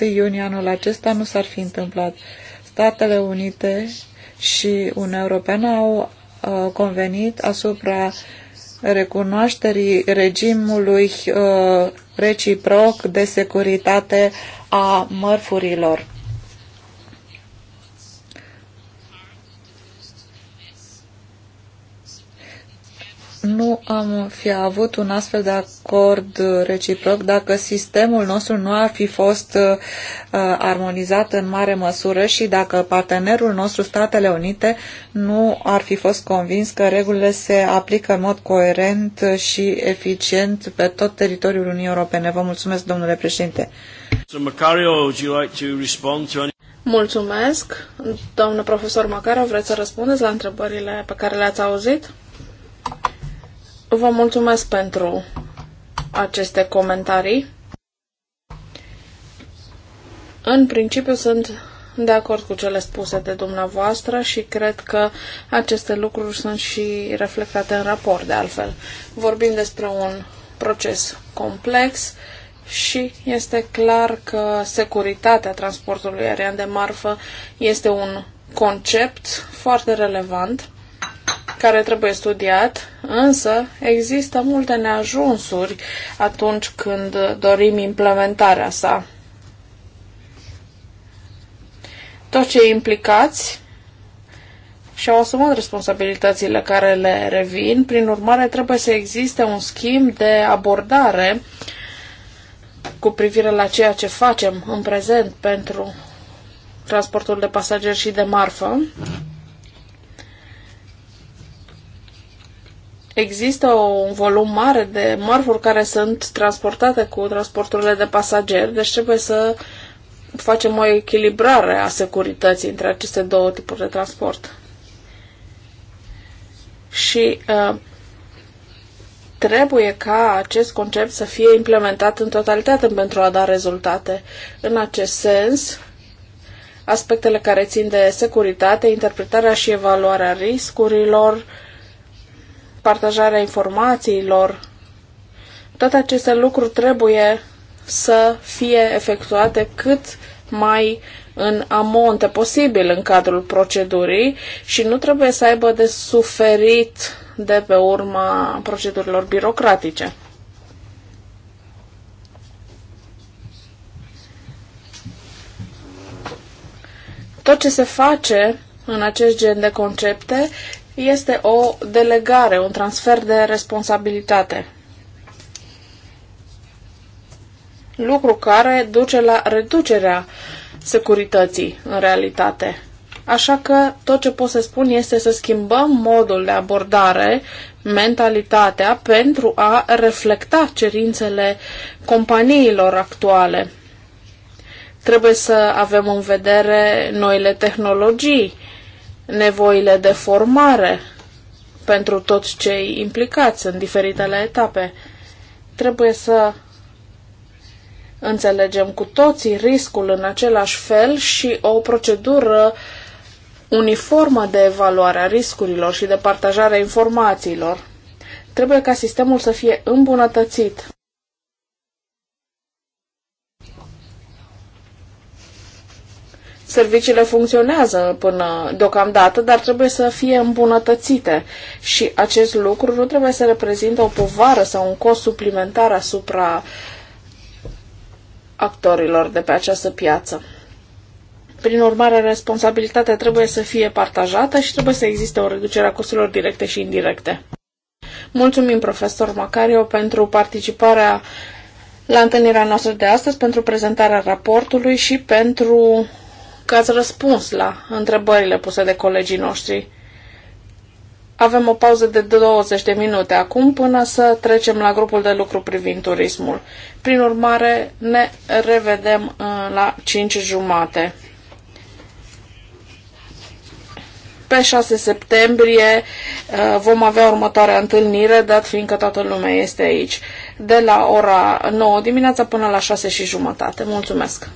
1 iunie anul acesta nu s-ar fi întâmplat. Statele Unite și Uniunea Europeană au uh, convenit asupra recunoașterii regimului uh, reciproc de securitate a mărfurilor. nu am fi avut un astfel de acord reciproc dacă sistemul nostru nu ar fi fost uh, armonizat în mare măsură și dacă partenerul nostru, Statele Unite, nu ar fi fost convins că regulile se aplică în mod coerent și eficient pe tot teritoriul Uniunii Europene. Vă mulțumesc, domnule președinte. So, Macario, would you like to respond to any... Mulțumesc. Domnul profesor Macario, vreți să răspundeți la întrebările pe care le-ați auzit? Vă mulțumesc pentru aceste comentarii. În principiu sunt de acord cu cele spuse de dumneavoastră și cred că aceste lucruri sunt și reflectate în raport, de altfel. Vorbim despre un proces complex și este clar că securitatea transportului aerian de marfă este un concept foarte relevant care trebuie studiat, însă există multe neajunsuri atunci când dorim implementarea sa. Toți cei implicați și-au asumat responsabilitățile care le revin, prin urmare trebuie să existe un schimb de abordare cu privire la ceea ce facem în prezent pentru transportul de pasageri și de marfă Există un volum mare de mărfuri care sunt transportate cu transporturile de pasageri, deci trebuie să facem o echilibrare a securității între aceste două tipuri de transport. Și uh, trebuie ca acest concept să fie implementat în totalitate pentru a da rezultate. În acest sens, aspectele care țin de securitate, interpretarea și evaluarea riscurilor, uh, partajarea informațiilor. Toate aceste lucruri trebuie să fie efectuate cât mai în amonte posibil în cadrul procedurii și nu trebuie să aibă de suferit de pe urma procedurilor birocratice. Tot ce se face în acest gen de concepte este o delegare, un transfer de responsabilitate. Lucru care duce la reducerea securității în realitate. Așa că tot ce pot să spun este să schimbăm modul de abordare, mentalitatea, pentru a reflecta cerințele companiilor actuale. Trebuie să avem în vedere noile tehnologii, nevoile de formare pentru toți cei implicați în diferitele etape. Trebuie să înțelegem cu toții riscul în același fel și o procedură uniformă de evaluare a riscurilor și de partajare a informațiilor. Trebuie ca sistemul să fie îmbunătățit Serviciile funcționează până deocamdată, dar trebuie să fie îmbunătățite și acest lucru nu trebuie să reprezintă o povară sau un cost suplimentar asupra actorilor de pe această piață. Prin urmare, responsabilitatea trebuie să fie partajată și trebuie să existe o reducere a costurilor directe și indirecte. Mulțumim, profesor Macario, pentru participarea la întâlnirea noastră de astăzi, pentru prezentarea raportului și pentru că ați răspuns la întrebările puse de colegii noștri. Avem o pauză de 20 de minute acum până să trecem la grupul de lucru privind turismul. Prin urmare, ne revedem uh, la 5 jumate. Pe 6 septembrie uh, vom avea următoarea întâlnire, dat fiindcă toată lumea este aici, de la ora 9 dimineața până la 6 și jumătate. Mulțumesc!